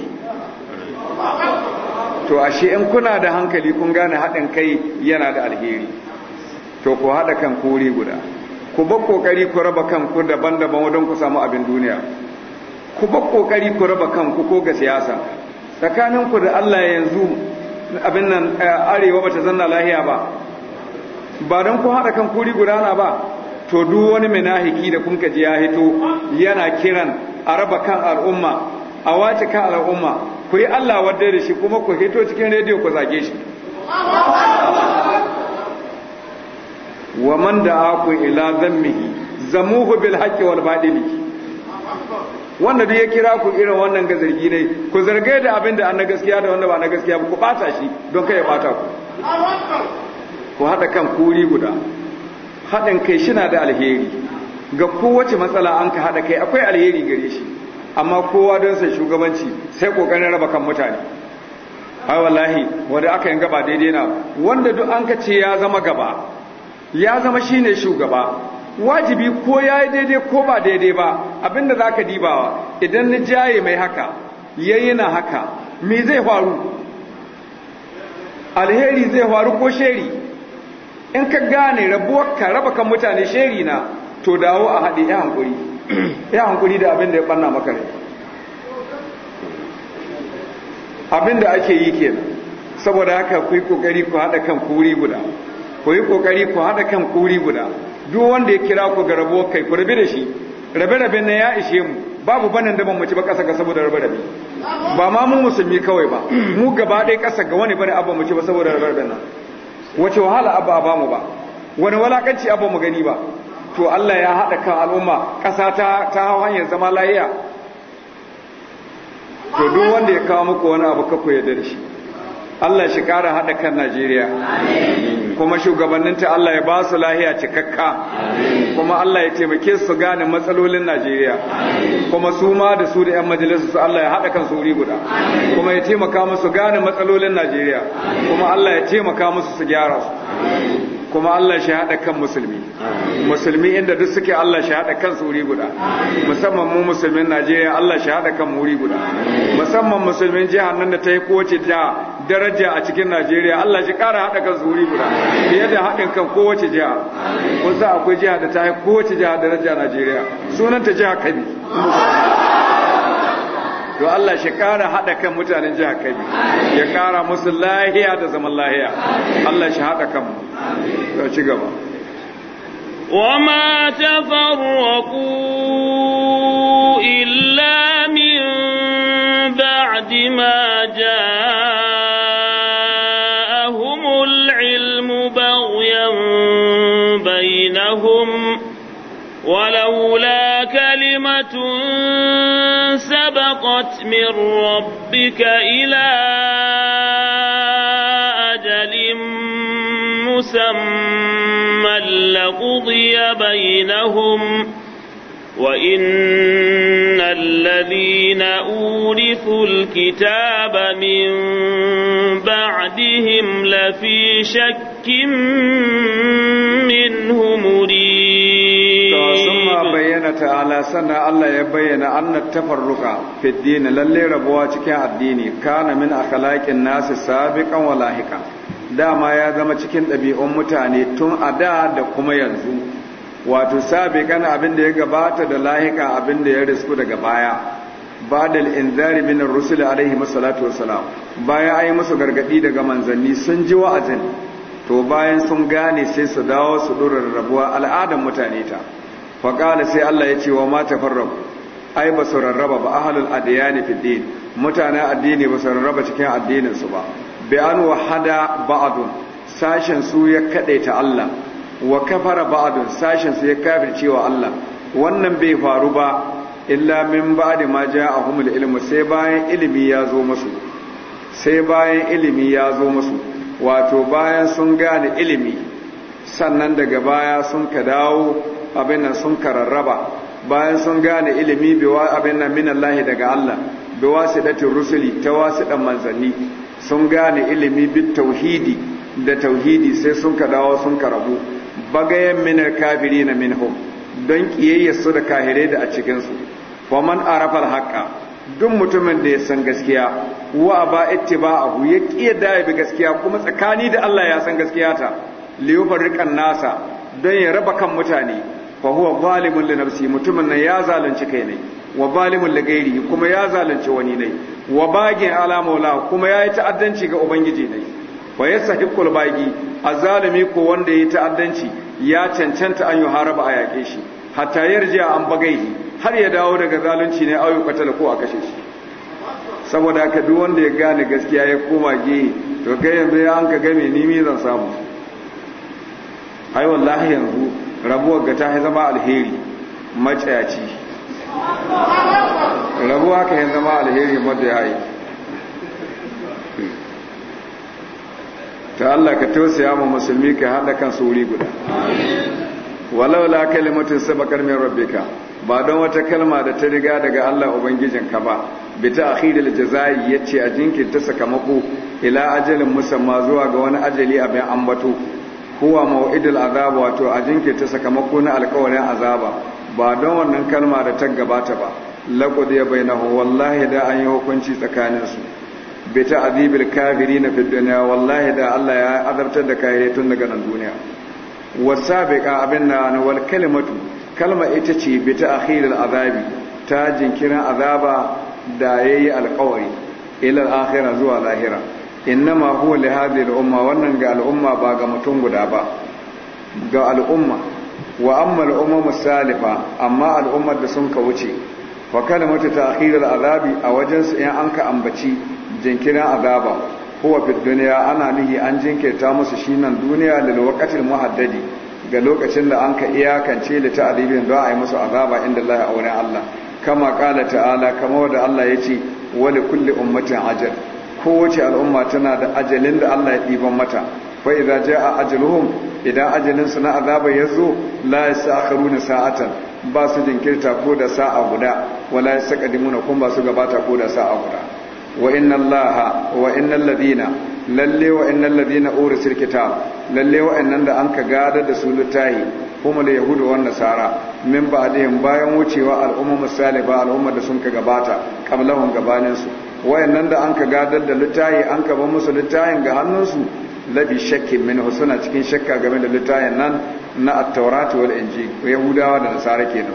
to ashe in kuna da hankali kun gane haɗin kai yana da alheri to ku haɗa kan kuri guda ku ba kokari ku raba kanku daban-daban wajen ku samu abin duniya ku ba kokari ku raba kanku ko ga siyasa tsakaninku da Allah yanzu abin nan eh, arewa bata zanna lahiya ba ba don ku haɗa kan kuri gudana ba to duk wani mai nahiki da kun kaji ya hito yana kiran a raba kan al'umma a wace kan al'umma ku yi Allah wadda da shi kuma ku hito cikin rediyo ku zage shi wa man da aku ila zammihi zamuhu bil haqqi wal badili wanda duk ya kira ku irin wannan ga zargi ne ku zarge da abin da an na gaskiya da wanda ba na gaskiya ba ku bata shi don kai ya bata ku ku haɗa kan kuri guda haɗin kai shi na da alheri ga kowace matsala an ka haɗa kai akwai alheri gare shi amma kowa don sai shugabanci sai kokarin raba kan mutane ai wallahi wanda aka yin gaba daidai na wanda duk an ka ce ya zama gaba ya zama shine shugaba wajibi ko ya yi daidai ko ba daidai ba abinda za ka dibawa idan na jaye mai haka yayi na haka me zai faru alheri zai faru ko sheri in ka gane rabuwar ka raba kan mutane sheri na to dawo a haɗe ya hankuri ya hankuri da abinda ya ɓanna maka rai abinda ake yi kenan saboda haka ku yi ƙoƙari ku haɗa kan kuri guda ku yi ƙoƙari ku haɗa kan kuri guda duk wanda ya kira ku ga rabo kai ku rabi da shi rabe rabe na ya ishe mu babu banin da ban mu ci ba kasa ga saboda rabe rabe ba ma mu musulmi kawai ba mu gaba ɗaya kasa ga wani bane abba mu ci ba saboda rabe rabe nan wace wahala abba ba mu ba wani walakanci abba mu gani ba to Allah ya haɗa kan al'umma ƙasa ta ta hau hanyar zama layiya to duk wanda ya kawo muku wani abu kafa ya da shi Allah shi ƙara haɗa kan Najeriya kuma shugabanninta Allah ya ba su lahiya cikakka kuma Allah ya taimake su gane matsalolin Najeriya kuma su ma da su da 'yan majalisa su Allah ya haɗa kan su wuri guda kuma ya taimaka musu gane matsalolin Najeriya kuma Allah ya taimaka musu su gyara su kuma Allah shi haɗa kan musulmi musulmi inda duk suke Allah shi haɗa kan su wuri guda musamman mu musulmin Najeriya Allah shi haɗa kan mu wuri guda musamman musulmin jihar nan da ta yi kowace da daraja a cikin Najeriya Allah shi ƙara haɗa kan zuri guda fiye da haɗin kan kowace jiha kun sa akwai jiha da ta yi kowace jiha daraja a Najeriya sunanta jiha Kabi to Allah shi ƙara haɗa kan mutanen jiha Kabi ya ƙara musu lahiya da zaman lahiya Allah shi haɗa kan mu ci gaba وما تفرقوا إلا من بعد ما جاءوا لهم ولولا كلمة سبقت من ربك إلى أجل مسمى لقضي بينهم وإن الذين أورثوا الكتاب من بعدهم لفي شك من minhu murib bayyana ta'ala sannan Allah ya bayyana annat tafarruqa fi lallai rabuwa cikin addini kana min akhlaqin nasi sabiqan wa lahiqan dama ya zama cikin ɗabi'un mutane tun a da da kuma yanzu wato sabiqan abin da ya gabata da lahika abin da ya risku daga baya بعد الانذار من الرسل عليه الصلاه والسلام baya ai musu gargadi daga manzanni sun ji wa'azin to bayan sun gane sai su dawo su dora rarrabuwa al'adan mutane ta faƙala sai Allah ya ce wa mata tafarraku ai ba su rarraba ba ahalul adiyani fi din mutane addini ba su rarraba cikin addinin su ba bi an wahada ba'adun sashen su ya kaɗaita Allah wa kafara ba'adun sashen su ya kafircewa Allah wannan bai faru ba illa min ba'di ma ja'ahumul ilmu sai bayan ilimi ya zo masu sai bayan ilimi ya zo masu. wato bayan sun gane ilimi sannan daga baya sun ka dawo abin nan sun kararraba bayan sun gane ilimi biwa abin nan min Allah daga Allah su datin rusuli ta dan manzanni sun gane ilimi bit tauhidi da tauhidi sai sun ka dawo sun karabu bagayen minar kafiri na minhum don su da kahire da a cikinsu faman arafal haƙƙa duk mutumin da ya san gaskiya wa ba ittiba'ahu ya da ya bi gaskiya kuma tsakani da Allah ya san gaskiya ta li yufarriqan nasa dan ya raba kan mutane fa huwa zalimun li nafsi mutumin nan ya zalunci kai ne wa zalimun li ghairi kuma ya zalunci wani ne wa bagin ala maula kuma yayi ta'addanci ga ubangiji ne wa yastahiqul bagi azalimi ko wanda ya yi ta'addanci ya cancanta an yuharaba a yaƙe shi hatta yarjiya an bagai har ya dawo daga zalunci ne ayu katala ko a kashe shi saboda haka duk wanda ya gane gaskiya ya koma ge to ga yanzu ya an ka game ni me zan samu ai wallahi yanzu rabuwar ga ta zama alheri matsayaci rabuwa ka yanzu zama alheri madda ya yi ta Allah ka tausaya mu musulmi ka haɗa kan wuri guda walau la kalimatun sabakar min rabbika ba don wata kalma da ta riga daga Allah ka ba bi ta akhiril jazai yace a jinkirta sakamako ila ajalin musamma zuwa ga wani ajali abin ambato huwa mau'idul azab wato a jinkirta sakamako na alkawarin azaba ba don wannan kalma da ta gabata ba laqad ya bainahu wallahi da an yi hukunci tsakanin su bi azibil kafirin fi dunya wallahi da Allah ya azabtar da kafirai tun daga nan duniya wasabiqa abin na wal kalimatu kalma ita ce bi ta'khiril azabi ta jinkirin azaba da yayi alƙawari ila al zuwa lahira innama huwa li hadhihi al-umma wannan ga al-umma ba ga mutum guda ba ga al-umma wa amma al-umam salifa amma al da sun ka wuce fa ta ta'khiril azabi a wajen su in an ka ambaci jinkirin azaba huwa fi duniya ana nihi an jinkirta musu shi nan duniya da lokacin muhaddadi ga lokacin da an ka iyakance da ta'adibin za a yi musu azaba inda Allah ya aure Allah kama kala ta'ala kama wanda Allah ya ce wani kulli ummatin ajal kowace al'umma tana da ajalin da Allah ya ɗiban mata fa a a ajaluhum idan ajalin su na azaba zo la yasakharuna sa'atan ba su jinkirta ko da sa'a guda wala yasaqadimuna kun ba su gabata ko da sa'a guda wa inna allaha wa ladina lalle wa innal ladina urisil kitab lalle wa da da ka gada da su litahi kuma da yahudu nasara min ba ba'dihim bayan wucewa al'umma saliba al'umma da sun ka gabata kamlahun gabanin su wayannan da ka gadar da litahi anka ba musu litahin ga hannunsu labi shakki min suna cikin shakka game da litahin nan na at-taurati wal injil yahudawa da nasara kenan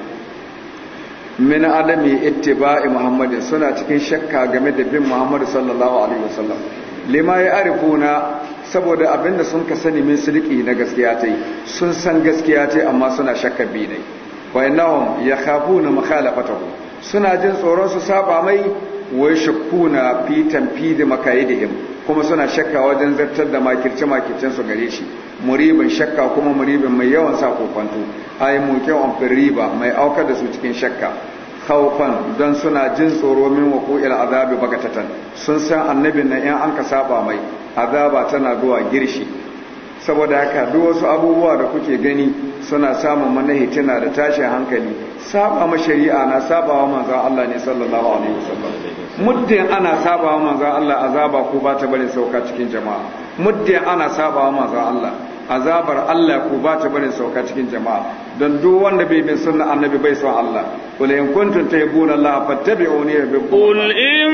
min adami ittiba'i muhammadin suna cikin shakka game da bin muhammadu sallallahu alaihi wasallam lima ya arifuna saboda abinda sun ka sani min sirki na gaskiya tai sun san gaskiya tai amma suna shakka bi ne wa innahum yakhafuna mukhalafatahu suna jin tsoron su saba mai wa yashkuna fi da makayidihim kuma suna shakka wajen zartar da makirce makircen su gare shi muribin shakka kuma muribin mai yawan sa kofanto ai kyau amfin riba mai aukar da su cikin shakka Kaufan don suna jin tsoro min ila azabi bagatatan sun san annabin nan in an ka saba mai azaba tana zuwa girshi saboda haka duk wasu abubuwa da kuke gani suna samun manahi tana da tashin hankali saba ma shari'a na saba wa manzon Allah ne sallallahu alaihi wasallam muddin ana saba wa manzan Allah azaba ko ba ta bari sauka cikin jama'a muddin ana saba wa manzan Allah azabar Allah ko ba ta bari sauka cikin jama'a don duk wanda bai bin sunna annabi bai son Allah qul in kuntum tuhibbuna Allah fattabi'uni yuhibbukum qul in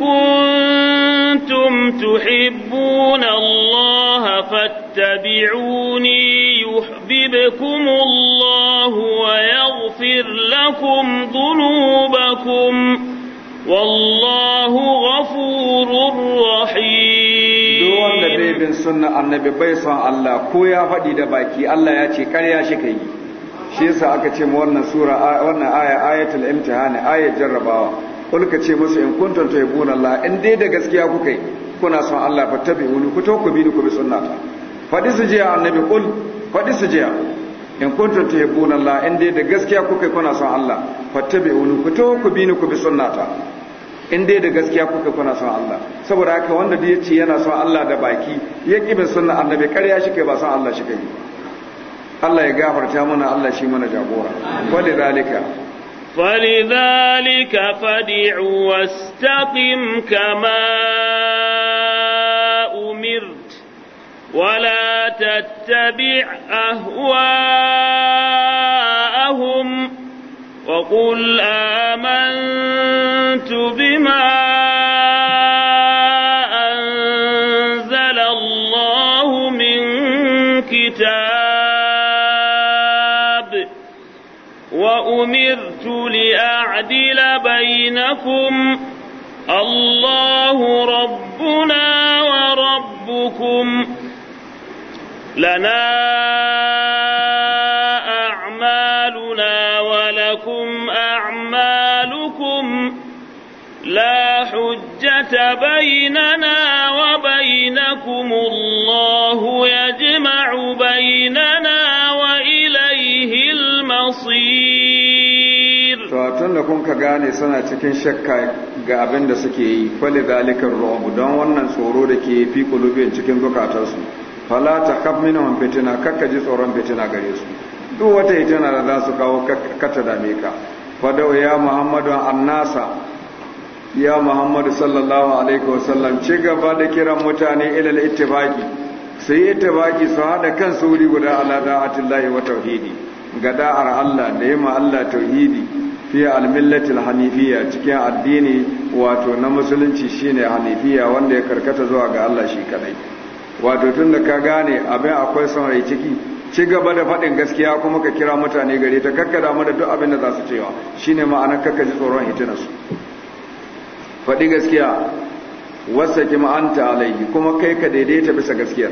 kuntum tuhibbuna Allah fattabi'uni yuhibbukum Allah wa yaghfir lakum dhunubakum والله غفور رحيم duk wanda bai bin sunna annabi bai son Allah ko ya faɗi da baki Allah ya ce karya shi kai shi aka ce mu wannan sura wannan aya ayatul imtihani ayat jarrabawa kul ka ce musu in kuntum tuhibbuna Allah in dai da gaskiya kuka yi kuna son Allah fa fattabi'uni ku to ku bi ku bi sunnata faɗi su jiya annabi kul faɗi su jiya in kuntum tuhibbuna Allah in dai da gaskiya kuka kuna son Allah fattabi'uni ku to ku bi ni ku bi sunnata in dai da gaskiya kuka kuna son Allah saboda haka wanda da yace yana son Allah da baki ya ki bin sunnar annabi ƙarya shi kai ba son Allah shi kai Allah ya gafarta mana Allah shi mana jagora walidalika فلذلك فدع واستقم كما أمرت ولا تتبع أهواءهم وقل آمنت بما أنزل الله من كتاب وأمرت لأعدل بينكم الله ربنا لنا أعمالنا ولكم أعمالكم لا حجة بيننا وبينكم الله يجمع بيننا وإليه المصير tun da kun ka gane suna cikin shakka ga abin da suke yi fali zalikan ru'abu don wannan tsoro da ke fi cikin zukatarsu fala ta kaf minhum fitina kakka ji tsoron fitina gare su duk wata fitina da za su kawo kata dame ka fadau ya muhammadu annasa ya muhammadu sallallahu alaihi wa sallam, ci gaba da kiran mutane ilal ittibaqi sai yi ittifaqi su hada kan wuri guda ala da'atillahi wa tauhidi ga da'ar Allah da yi ma Allah tauhidi fi al-millatil hanifiyya cikin addini wato na musulunci shine hanifiya wanda ya karkata zuwa ga Allah shi kadai wato tun da ka gane abin akwai son rai ciki ci gaba da faɗin gaskiya kuma ka kira mutane gare ta kakkada mu da duk abin da za su cewa shine ma'anar kakka ji tsoron su." faɗi gaskiya wasa ki ma'anta alaihi kuma kai ka daidaita bisa gaskiyar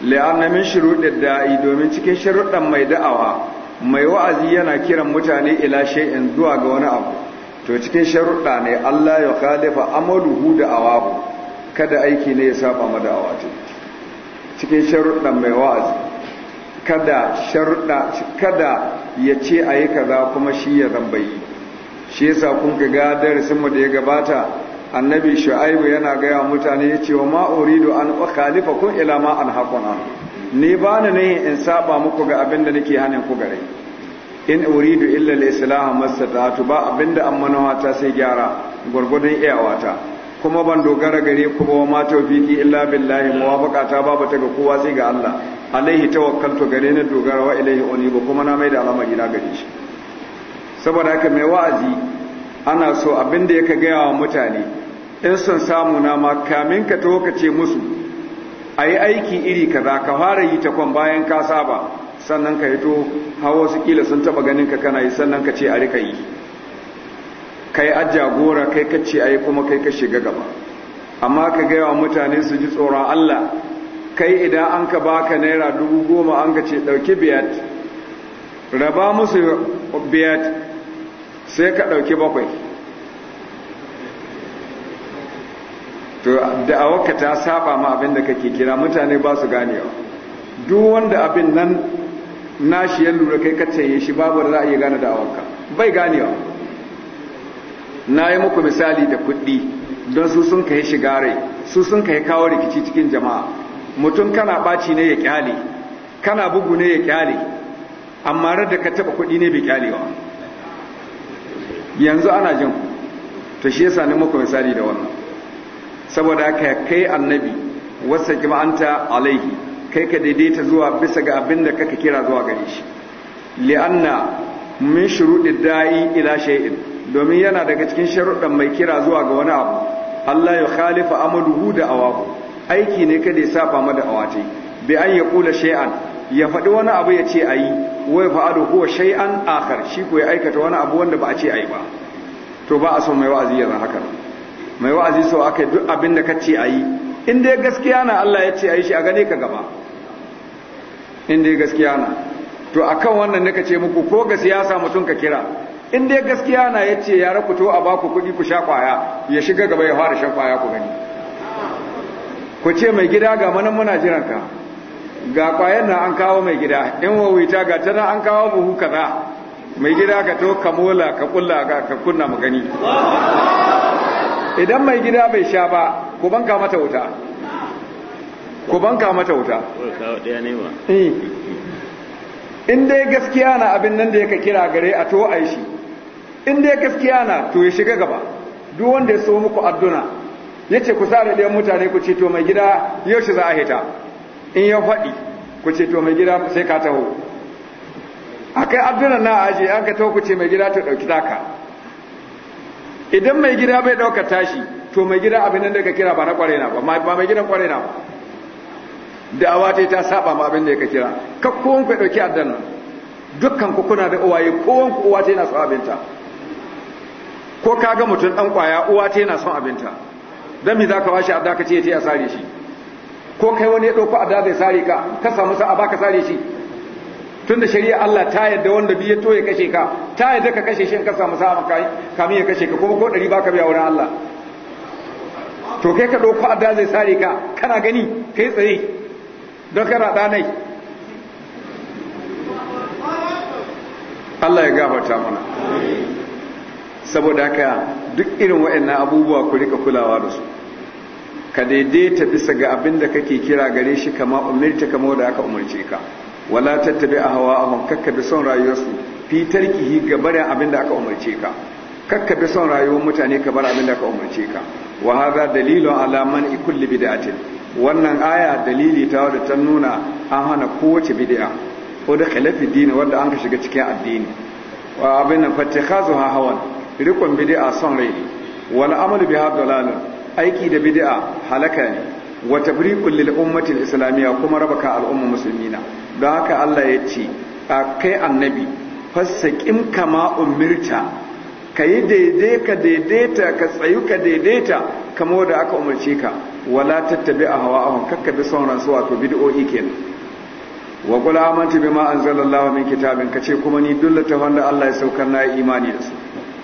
la'anna min shuruɗin da'i domin cikin sharuɗan mai da'awa mai wa'azi yana kiran mutane ila shay'in zuwa ga wani abu to cikin sharuɗa ne Allah ya khalifa amaluhu da awabu kada aiki ne ya saba ma da'awa cikin sharuɗa mai wa'azi kada sharuɗa kada ya ce a yi kaza kuma shi ya zambayi shi yasa kun ka ga sunmu da ya gabata annabi shu'aibu yana gaya mutane ya ce wa ma an khalifa kun ila ma an haƙuna ni ba ni ne in saba muku ga abin da nake hanin ku gare in uridu illa al ta mastata'tu ba abinda an manawa ta sai gyara gurgudun iyawata kuma ban dogara gare ku ba wa ma tawfiki illa billahi muwafaqa ta babu ta ga kowa sai ga Allah alaihi tawakkaltu gare ni dogara wa ilaihi unibu kuma na mai da al'amari na gare shi saboda haka mai wa'azi ana so abin da yake gaya wa mutane in sun samu na ma kamin ka taho ka ce musu ayi aiki iri kaza ka fara yi ta kwan bayan ka saba sannan ka yi to hawa su kila sun taba ganin ka kana yi sannan ka ce a rika yi kai a jagora kai kace ayi kuma kai ka shiga gaba amma ka gaya wa mutane su ji tsoron Allah kai idan an ka baka naira dubu goma an ka ce ɗauki biyat raba musu biyat sai ka ɗauki bakwai to waka ta saba ma abin da kake kira mutane ba su ganewa duk wanda abin nan nashi ya lura kai kacce shi babu da za a iya gane da'awarka bai ganewa na yi muku misali da kuɗi don su sun kai shiga rai su sun kai kawo rikici cikin jama'a mutum kana ɓaci ne ya ƙyale kana bugu ne ya ƙyale amma rada ka taɓa kuɗi ne bai wa. yanzu ana jin ku to shi yasa ne muku misali da wannan saboda ka kai annabi wasa kimanta alaihi kai ka daidaita zuwa bisa ga abin da kaka kira zuwa gare shi li'anna min shuruɗi da'i ila shay'in domin yana daga cikin sharuɗan mai kira zuwa ga wani abu Allah ya khalifa amaluhu da awahu aiki ne kada ya saba mada awate bi an ya kula shay'an ya faɗi wani abu ya ce ayi wai fa'alu huwa shay'an akhar shi ko ya aikata wani abu wanda ba a ce ayi ba to ba a son mai wa'azi ya haka mai wa'azi so aka duk abin da kace ayi in dai gaskiya na Allah ya ce ayi shi a gane ka gaba in dai gaskiya na to akan wannan naka ce muku ko ga siyasa mutum ka kira in dai gaskiya na ya yara ya to a baku kuɗi ku sha kwaya ya shiga gaba ya fara shan kwaya ku gani ku ce mai gida ga manan muna jiran ka ga kwayan na an kawo mai gida in wawita ga tana an kawo buhu kaza mai gida ka to ka mola ka kulla ka kunna mu gani idan mai gida bai sha ba ku banka mata wuta ku banka mata wuta eh. in dai gaskiya na abin nan da yaka kira gare a to aishi in ya gaskiya na to ya shiga gaba duk wanda ya so muku adduna yace ku sare da mutane ku ce to mai gida yaushe za a hita in ya faɗi ku ce to mai gida sai ka taho akai adduna na aje an ka taho ku ce mai gida to dauki taka idan mai gida bai dauka tashi to mai gida abin nan da ka kira ba na kware na ba ba mai gidan kware na ba awa ta ta saba ma abin da ka kira ka kowon ku dauki addana dukkan ku kuna da uwaye kowanku ku uwa ta yana so ko ka ga mutum ɗan ƙwaya uwa ta yana son abinta don me zaka ka adda ka ce ya a sare shi ko kai wani ya ɗauko adda zai sare ka ka samu sa'a baka sare shi tunda shari'a Allah ta yadda wanda biye to ya kashe ka ta yadda ka kashe shi in ka samu sa'a kamin ya kashe ka kuma ko ɗari ba ka biya wurin Allah to kai ka ɗauko adda zai sare ka kana gani kai tsaye don kana ɗanai Allah ya gafarta mana saboda haka duk irin waɗannan abubuwa ku rika kulawa da su ka daidaita bisa ga abin da kake kira gare shi kama umarci kama da aka umarce ka wala tattabi a hawa ahun kakka bi son rayuwarsu fi ki ga barin abin da aka umarce ka kakka bi son rayuwar mutane ka bar abin da aka umarce ka wa haza dalilun alaman ikulli kulli bid'atin wannan aya dalili ta wadda ta nuna an hana kowace bid'a ko da khilafi dini wanda an ka shiga cikin addini wa abin nan hawan rikon bid'a son rai wani wal amalu biha dalalun aiki da bid'a halaka ne wa tabriqul lil islamiyya kuma raba rabaka al musulmi na, don haka Allah ya ce a kai annabi fassaqim kama umirta kayi daidai ka daidaita ka tsayu ka daidaita kama da aka umarce ka wala tattabi a hawa'ahum kakka bi son ransu wato bid'o'i kenan wa qul amantu bima anzalallahu min kitabin kace kuma ni dullata wanda Allah ya saukar na imani da su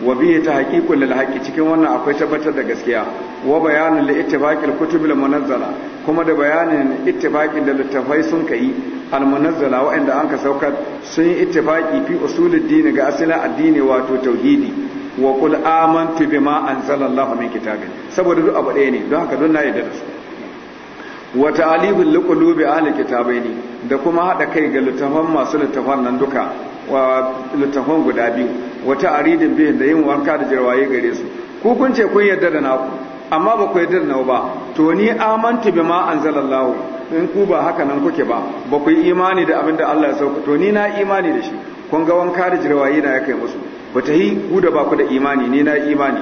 wa biye ta lil haqqi cikin wannan akwai tabbatar da gaskiya wa bayanul li ittibaqil kutubil munazzala kuma da bayanin ittibaqin da littafai sun kai al munazzala wa'anda an ka saukar sun yi ittibaqi fi usulid din ga asalin addini wato tauhidi wa qul amantu bima anzalallahu min kitabin saboda duk abu ɗaya ne don haka don nayi da su wa ta'alibul liqulubi ahli kitabaini da kuma hada kai ga littafan masu littafan nan duka wa littafan guda biyu wata aridin biyun da yin wanka da jirwaye gare su ku kun ce kun yarda da naku amma ba ku yarda da nawa ba to ni amantu ma anzalallahu in ku ba haka nan kuke ba ba ku yi imani da abin da Allah ya sauka to ni na imani da shi kun ga wanka da jirwaye na ya kai musu ta yi ku da ba ku da imani ni na imani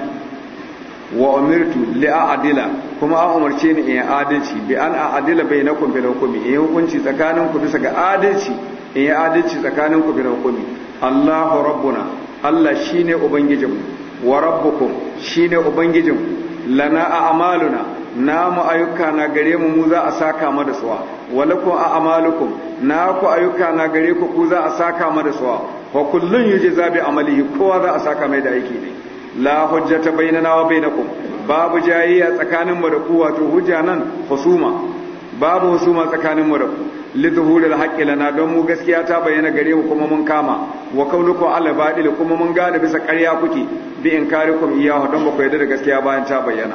wa umirtu li a'dila kuma an umarce ni in adalci bi an a'dila bainakum bil hukmi in hukunci tsakanin ku bisa ga adalci in yi adalci tsakanin ku bil hukumi Allahu rabbuna Allah shine ubangijinmu wa rabbukum shine ubangijinmu lana a'maluna namu ayyuka na gare mu mu za a saka mu da suwa walakum a amalukum naku ayyuka na gare ku ku za a saka mu da suwa wa kullun yujza zabi amalihi kowa za a saka mai da aiki ne la hujjata bainana wa bainakum babu jayayya tsakanin mu da ku wato hujja nan husuma babu husuma tsakanin mu da ku lidhuhuril alhaqqi lana don mu gaskiya ta bayyana gare mu kuma mun kama wa kaunukum ala badil kuma mun gane bisa ƙarya kuke bi inkarikum iyahu don ba ku yarda da gaskiya bayan ta bayyana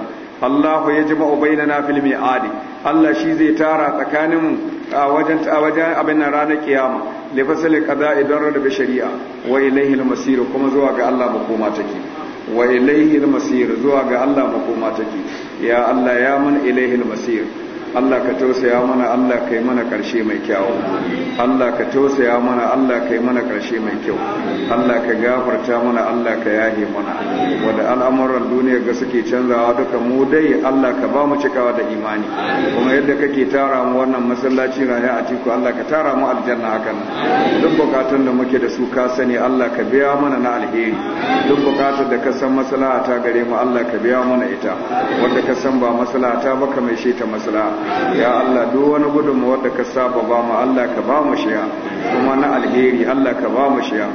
Allahu ya bainana fil mi'adi Allah shi zai tara tsakanin mu a wajen a wajen abin nan ranar kiyama li fasali qada'i don da shari'a wa ilayhi al-masir kuma zuwa ga Allah makoma take wa al masir zuwa ga Allah makoma take ya Allah ya mun al masir Allah ka tausaya mana Allah kai mana karshe mai kyau Allah ka tausaya mana Allah kai mana karshe mai kyau Allah ka gafarta mana Allah ka yahe mana wanda al'amuran duniya ga suke canzawa duka mu dai Allah ka ba mu cikawa da imani kuma yadda kake tara mu wannan masallaci rahi a tiku Allah ka tara mu aljanna hakan duk bukatun da muke da su ka sani Allah ka biya mana na alheri duk bukatar da ka san maslaha ta gare mu Allah ka biya mana ita wanda ka san ba maslaha ba ka mai shi ta ya Allah duk wani gudunmu wadda ka saba ba mu Allah ka ba mu shiya kuma na alheri Allah ka ba mu shiya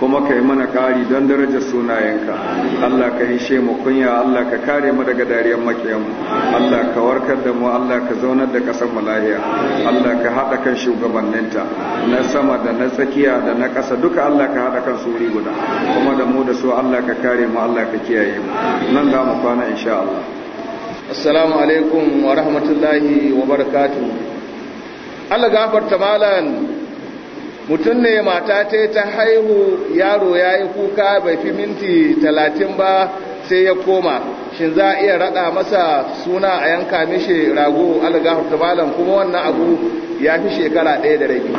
kuma ka yi mana kari don darajar sunayenka Allah ka hishe mu kunya Allah ka kare mu daga dariyar makiyanmu Allah ka warkar da mu Allah ka zaunar da ƙasar mu lahiya Allah ka haɗa kan shugabanninta na sama da na tsakiya da na ƙasa duka Allah ka haɗa kan suri guda kuma da mu da su Allah ka kare mu Allah ka kiyaye mu nan da mu kwana insha Allah assalamu alaikum wa rahmatullahi wa barakatu Allah gafarta malan mutum ne mata ta ta haihu yaro ya yi kuka bai fi minti talatin ba sai ya koma shin za iya rada masa suna a yanka mishi rago Allah gafarta malan kuma wannan abu ya fi shekara ɗaya da rabi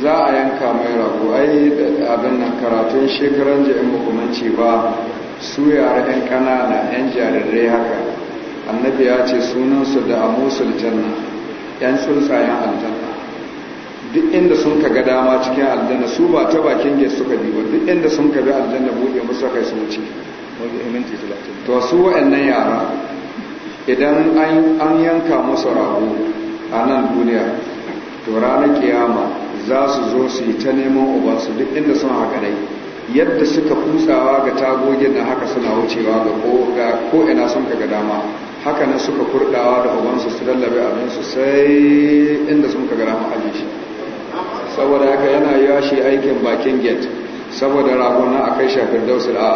za a yanka mai rago ai abin nan karatun shekaran jami'in hukumanci ba su yara 'yan ƙanana 'yan jarirai haka annabi ya ce sunansu da amusul janna yan tsuntsayen aljanna duk inda sun ka ga dama cikin aljanna su ba ta bakin gaisu suka bi duk inda sun ka bi aljanna buɗe musu kai su wuce to su wa'annan yara idan an yanka musu rahu a nan duniya to ranar kiyama za su zo su yi ta neman ubansu duk inda sun haka dai yadda suka kutsawa ga tagogin da haka suna wucewa ga ko'ina sun ka ga dama haka ne suka kurdawa da ubansu su lallabe abinsu sai inda sun ka gara ma'aji shi saboda haka yana yawa shi aikin bakin gate saboda ragona a kai shafin dausir a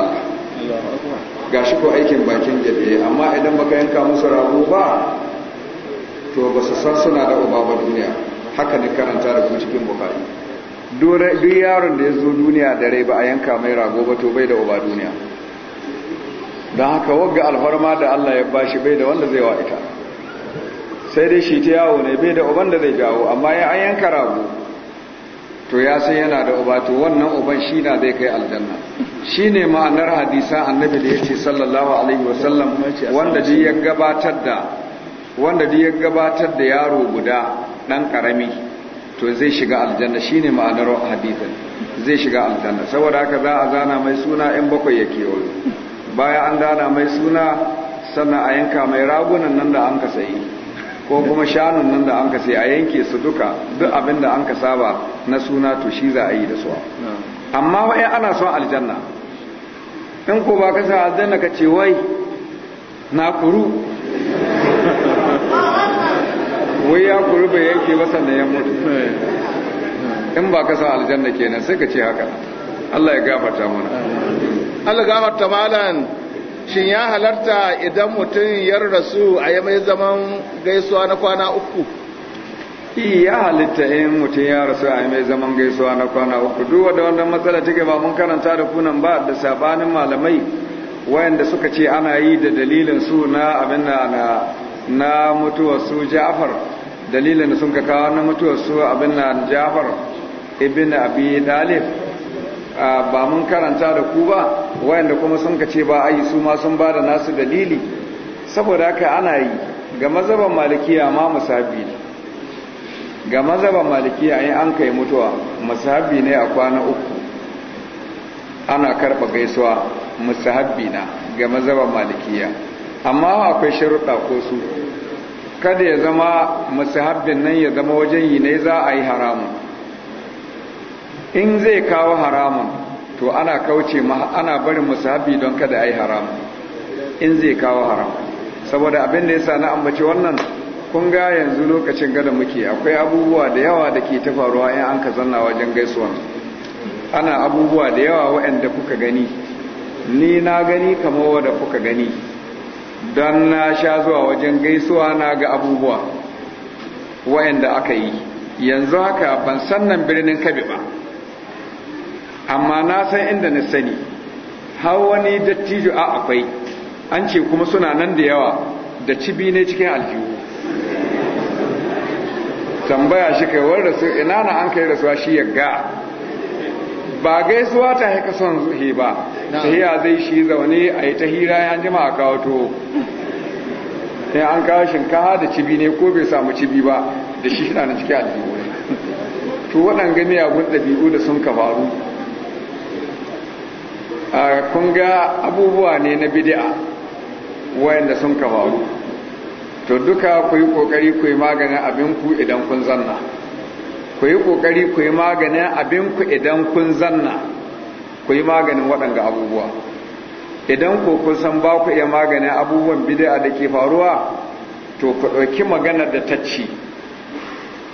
ga shi ko aikin bakin gate ne amma idan baka yanka musu rago ba to ba su san suna da uba ba duniya haka ne karanta da kuma cikin bukari duk yaron da ya zo duniya da rai ba a yanka mai rago ba to bai da uba duniya don haka wagga alfarma da Allah ya bashi bai da wanda zai wa ita sai dai shi ta yawo ne bai da uban da zai jawo amma ya an yanka rago to ya sai yana da uba to wannan uban shi na zai kai aljanna shi ne ma'anar hadisa annabi da ya ce sallallahu alaihi wasallam wanda duk ya gabatar da wanda duk ya gabatar da yaro guda dan karami to zai shiga aljanna shi ne ma'anar hadisin zai shiga aljanna saboda haka za a zana mai suna in bakwai ya wani. Baya an gana mai suna sannan a yanka mai ragunan nan da an ka sayi ko kuma shanun nan da an ka sayi a yanke su duka duk abin da an ka saba na suna to shi za a yi da su amma wa'in ana son aljanna in ko ba ka sa aljanna ka ce wai na kuru wai ya kuru bai yanke ba sannan ya mutu in ba ka sa aljanna kenan sai ka ce haka Allah ya gafarta mana algahar tamalan shin ya halarta idan mutum ya rasu a yamai zaman gaisuwa na kwana uku ya halitta in mutum ya rasu a yamai zaman gaisuwa na kwana uku duk da wannan matsala take ba mun karanta da kunan ba da sabanin malamai wayanda suka ce ana yi da dalilin su na abin na na mutuwar su ja'far dalilin da sun ka kawo na mutuwar su abin na ja'far ibn abi dalib ba mun karanta da ku ba wayanda kuma sun kace ba a su ma sun bada nasu dalili saboda haka ana yi ga mazaban malikiya ma musabi ga mazaban malikiya in an kai mutuwa musabi ne a kwana uku ana karɓa gaisuwa musahabbi na ga mazaban malikiya amma akwai sharuɗa ko su kada ya zama musahabbin nan ya zama wajen yi ne za a yi haramun in zai kawo haramun to ana kauce ana barin musabi don kada ai haramun in zai kawo haram saboda abin da yasa na ambaci wannan kun ga yanzu lokacin gada muke akwai abubuwa da yawa da ke ta faruwa in an ka zanna wajen gaisuwan ana abubuwa da yawa waɗanda kuka gani ni na gani kamar wadda kuka gani don na sha zuwa wajen gaisuwa na ga abubuwa waɗanda aka yi yanzu haka ban sannan birnin kabi ba amma na san inda na sani har wani dattijo a akwai an ce kuma suna nan da yawa da cibi ne cikin aljihu tambaya shi kai wani rasu ina na an kai rasuwa shi yagga ba gaisuwa ta haika son zuhe ba ta tahiya zai shi zaune a yi ta hira ya jima a kawo to ya an kawo shinkawa da cibi ne ko bai samu cibi ba da shi shi na cikin aljihu to waɗanga miyagun ɗabi'u da sun ka faru kun ga abubuwa ne na bid'a wayanda sun ka faru to duka ku yi kokari ku yi maganin abin ku idan kun zanna ku yi kokari ku yi maganin abin ku idan kun zanna ku yi maganin waɗanga abubuwa idan ku kun san ba ku iya maganin abubuwan bidi'a da ke faruwa to ku ɗauki maganar da ta ci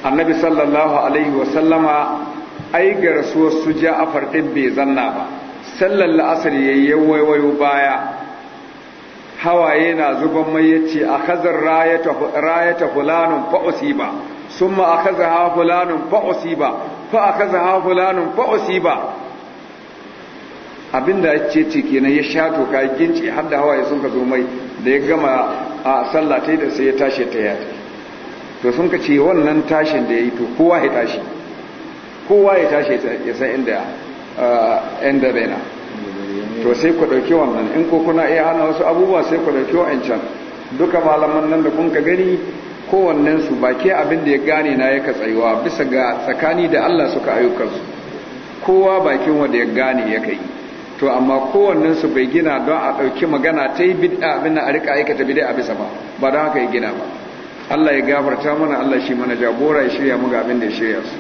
annabi sallallahu alaihi wasallama ai ga rasuwar su ja'afar ɗin bai zanna ba sallar la'asar ya yi waiwayo baya hawaye na zuban mai ya ce a raya rayata fulanin fa'usi ba sun ma a kaza hawa fulanin fa'usi ba fa a kaza hawa fulanin fa'usi ba abinda ya ce ce kenan ya sha toka ginci har da hawaye sun ka zo mai da ya gama a yi da sai ya tashi ta yata to sun ka ce wannan tashin da ya yi to kowa ya tashi kowa ya tashi ya san inda ya inda na. to sai ku ɗauki wannan in ko kuna iya hana wasu abubuwa sai ku ɗauki can duka malaman nan da kun ka gani kowannensu ba ke abin da ya gane na ya katsayuwa bisa ga tsakani da Allah suka ayyukansu kowa bakin wanda ya gane ya kai to amma kowannensu bai gina don a ɗauki magana ta yi bid'a abin a rika aikata bid'a bisa ba ba don haka ya gina ba Allah ya gafarta mana Allah shi mana jagora ya shirya mu ga abin da ya shirya su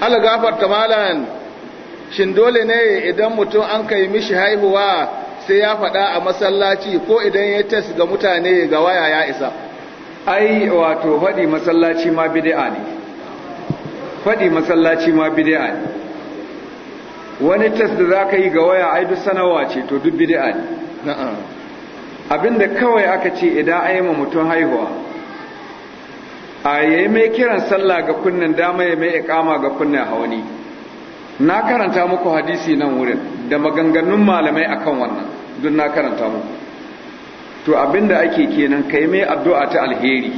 Allah gafarta malam. shin dole ne idan mutum an kai mishi haihuwa sai ya faɗa a masallaci ko idan ya tes ga mutane ga waya ya isa ai wato faɗi masallaci ma bid'a ne faɗi masallaci ma bid'a ne wani tes da zaka yi ga waya ai duk sanarwa ce to duk bid'a ne abinda kawai aka ce idan ai ma mutum haihuwa a yayi mai kiran sallah ga kunnen dama ya mai ikama ga kunnen hauni na karanta muku hadisi nan wurin da maganganun malamai akan wannan duk na karanta muku to abinda ake kenan kai mai addu'a ta alheri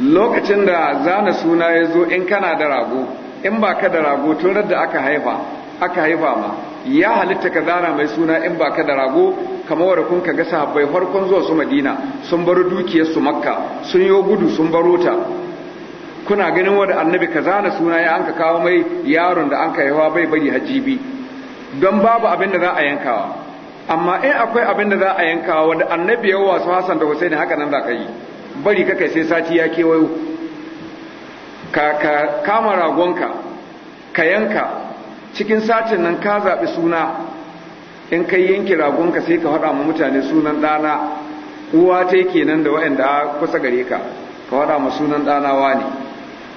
lokacin da zana suna ya zo in kana da rago in ba ka da rago tun da aka haifa aka haifa ma ya halitta ka zana mai suna in ba ka da rago kamar wadda kun gasa sahabbai farkon zuwa su madina sun baro dukiyar su makka sun yo gudu sun baro ta kuna ganin wanda annabi ka zana suna ya anka kawo mai yaron da anka yawa bai bari hajibi don babu abin da za a yankawa amma in akwai abin da za a yankawa wanda annabi ya wasu Hassan da Hussein haka nan za ka yi bari ka kai sai sati ya kewayo ka ka kama ragonka ka yanka cikin satin nan ka zaɓi suna in kai yanki ragonka sai ka faɗa ma mutane sunan ɗana uwa ta kenan da waɗanda kusa gare ka ka faɗa ma sunan ɗana wani ne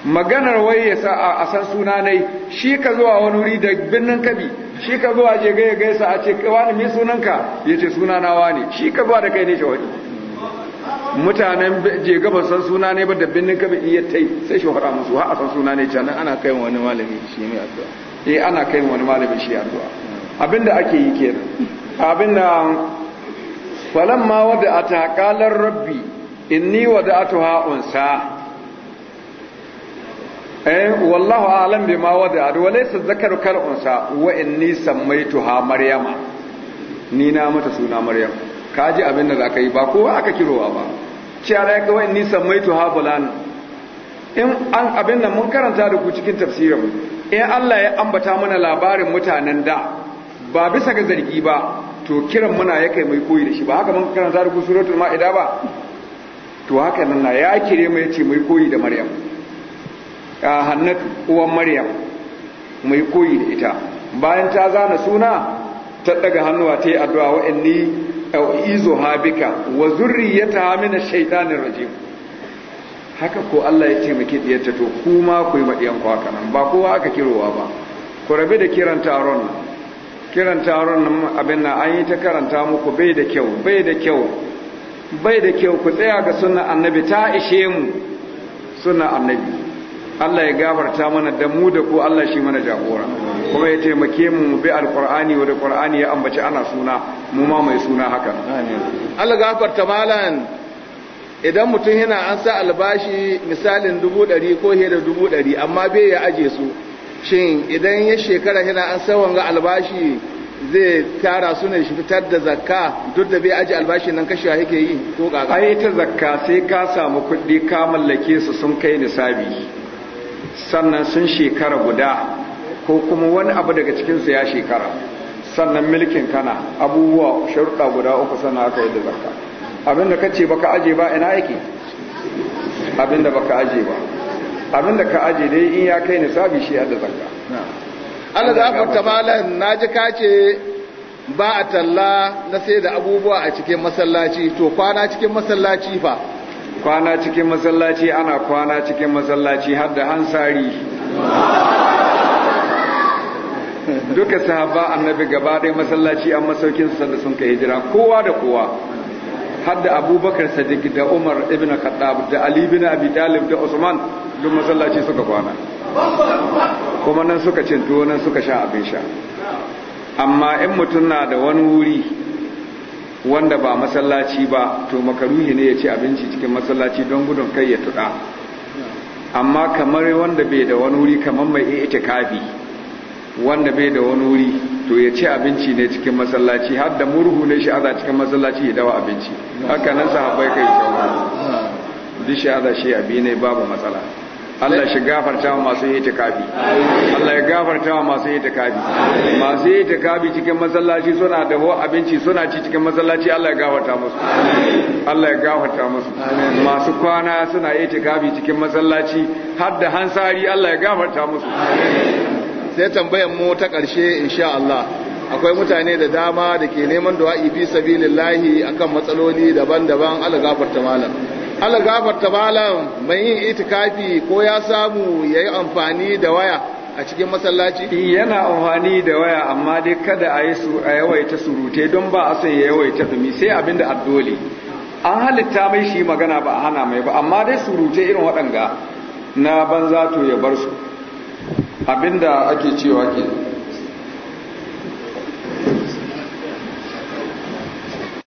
maganar wai ya sa a san suna nai shi ka zuwa wani wuri da birnin kabi shi ka zuwa je gaya gaisa a ce wani mai sunanka ya ce suna na wani shi ka zuwa da kai ne shawari mutanen je ga ba san suna ne ba da birnin kabi iya tai sai shi fara musu har a san suna ne can ana kai wani malami shi mai addu'a eh ana kai wani malami shi addu'a abinda ake yi kenan abinda falamma wada ata qalar rabbi inni tuha unsa eh wallahu alam bima wada wa laysa zakaru kal unsa wa inni ha maryama ni na mata suna maryam kaji abin da zaka yi ba kowa aka kirowa ba ciyara ya kawai inni ha bulan in an abin nan mun karanta da ku cikin tafsirin eh Allah ya ambata mana labarin mutanen da ba bisa ga zargi ba to kiran muna ya kai mai koyi da shi ba haka mun karanta da ku suratul ma'ida ba to haka nan na ya kire ya ce mai koyi da maryam A hannun uwan maryam mai koyi da ita bayan ta zana suna ta daga hannuwa ta yi addu'a wa'anni a izo habika wa ta hamina shaitanir rajim haka ko Allah ya ce taimake ta to kuma ku yi maɗiyan kwakan ba kowa aka kirowa ba ku rabe da kiran taron nan kiran taron abin na an yi ta karanta muku bai da kyau bai da kyau bai da kyau ku tsaya ga sunan annabi ta ishe mu sunan annabi Allah ya gafarta mana da mu da ku Allah shi mana jagora kuma ya taimake mu mu bi alqur'ani wa da ya ambaci ana suna mu ma mai suna haka Allah gafarta malan idan mutum yana an sa albashi misalin dubu ɗari ko he da dubu ɗari amma bai ya aje su shin idan ya shekara yana an sa wanga albashi zai tara su ne shi fitar da zakka duk da bai ajiye albashi nan kashe yake yi ko kaka ai ta zakka sai ka samu kuɗi ka mallake su sun kai nisabi sannan sun shekara guda ko kuma wani abu daga cikinsu ya shekara sannan milkin kana abubuwa sharuɗa guda uku sannan aka yi da zakka abinda ka ce baka aje ba ina yake abinda baka aje ba abinda ka aje dai in ya kai nisabi shi yadda zakka Allah da afarta malam naji ka ce ba a talla na sai da abubuwa a cikin masallaci to kwana cikin masallaci fa kwana cikin masallaci ana kwana cikin masallaci har da hansari duka sahaba annabi gaba dai masallaci an masaukin sanda sun ka hijira kowa da kowa har da abubakar sadiq da umar ibn khattab da ali ibn abi talib da usman duk masallaci suka kwana kuma nan suka cin tuwo nan suka sha abin sha amma in mutum na da wani wuri wanda ba masallaci ba to makaruhi ne ya ci abinci cikin masallaci don gudun kai ya tuɗa amma kamar wanda bai da wani wuri kamar mai itikafi wanda bai da wani wuri to ya ci abinci ne cikin masallaci har da murhu ne shi aza cikin masallaci ya dawa abinci haka nan sahabbai kai shawara duk shi aza shi abi ne babu matsala Allah shi gafarta wa masu yi takabi Allah ya gafarta wa masu yi takabi masu yi takabi cikin masallaci suna da ho abinci suna ci cikin masallaci Allah ya gafarta musu Allah ya gafarta musu masu kwana suna yi takabi cikin masallaci har da hansari Allah ya gafarta musu sai tambayar mu ta ƙarshe insha Allah akwai mutane da dama da ke neman du'a fi sabilillahi akan matsaloli daban-daban Allah gafarta malam Allah gafarta bala mai yin itikafi ko ya samu ya yi amfani da waya a cikin masallaci? Eh, yana amfani da waya amma dai kada a yawaita surute don ba a son ya yawaita dumi sai abin da addole. An halitta mai shi magana ba a hana mai ba amma dai surute irin waɗanga na banza to ya bar su da ake cewa ke.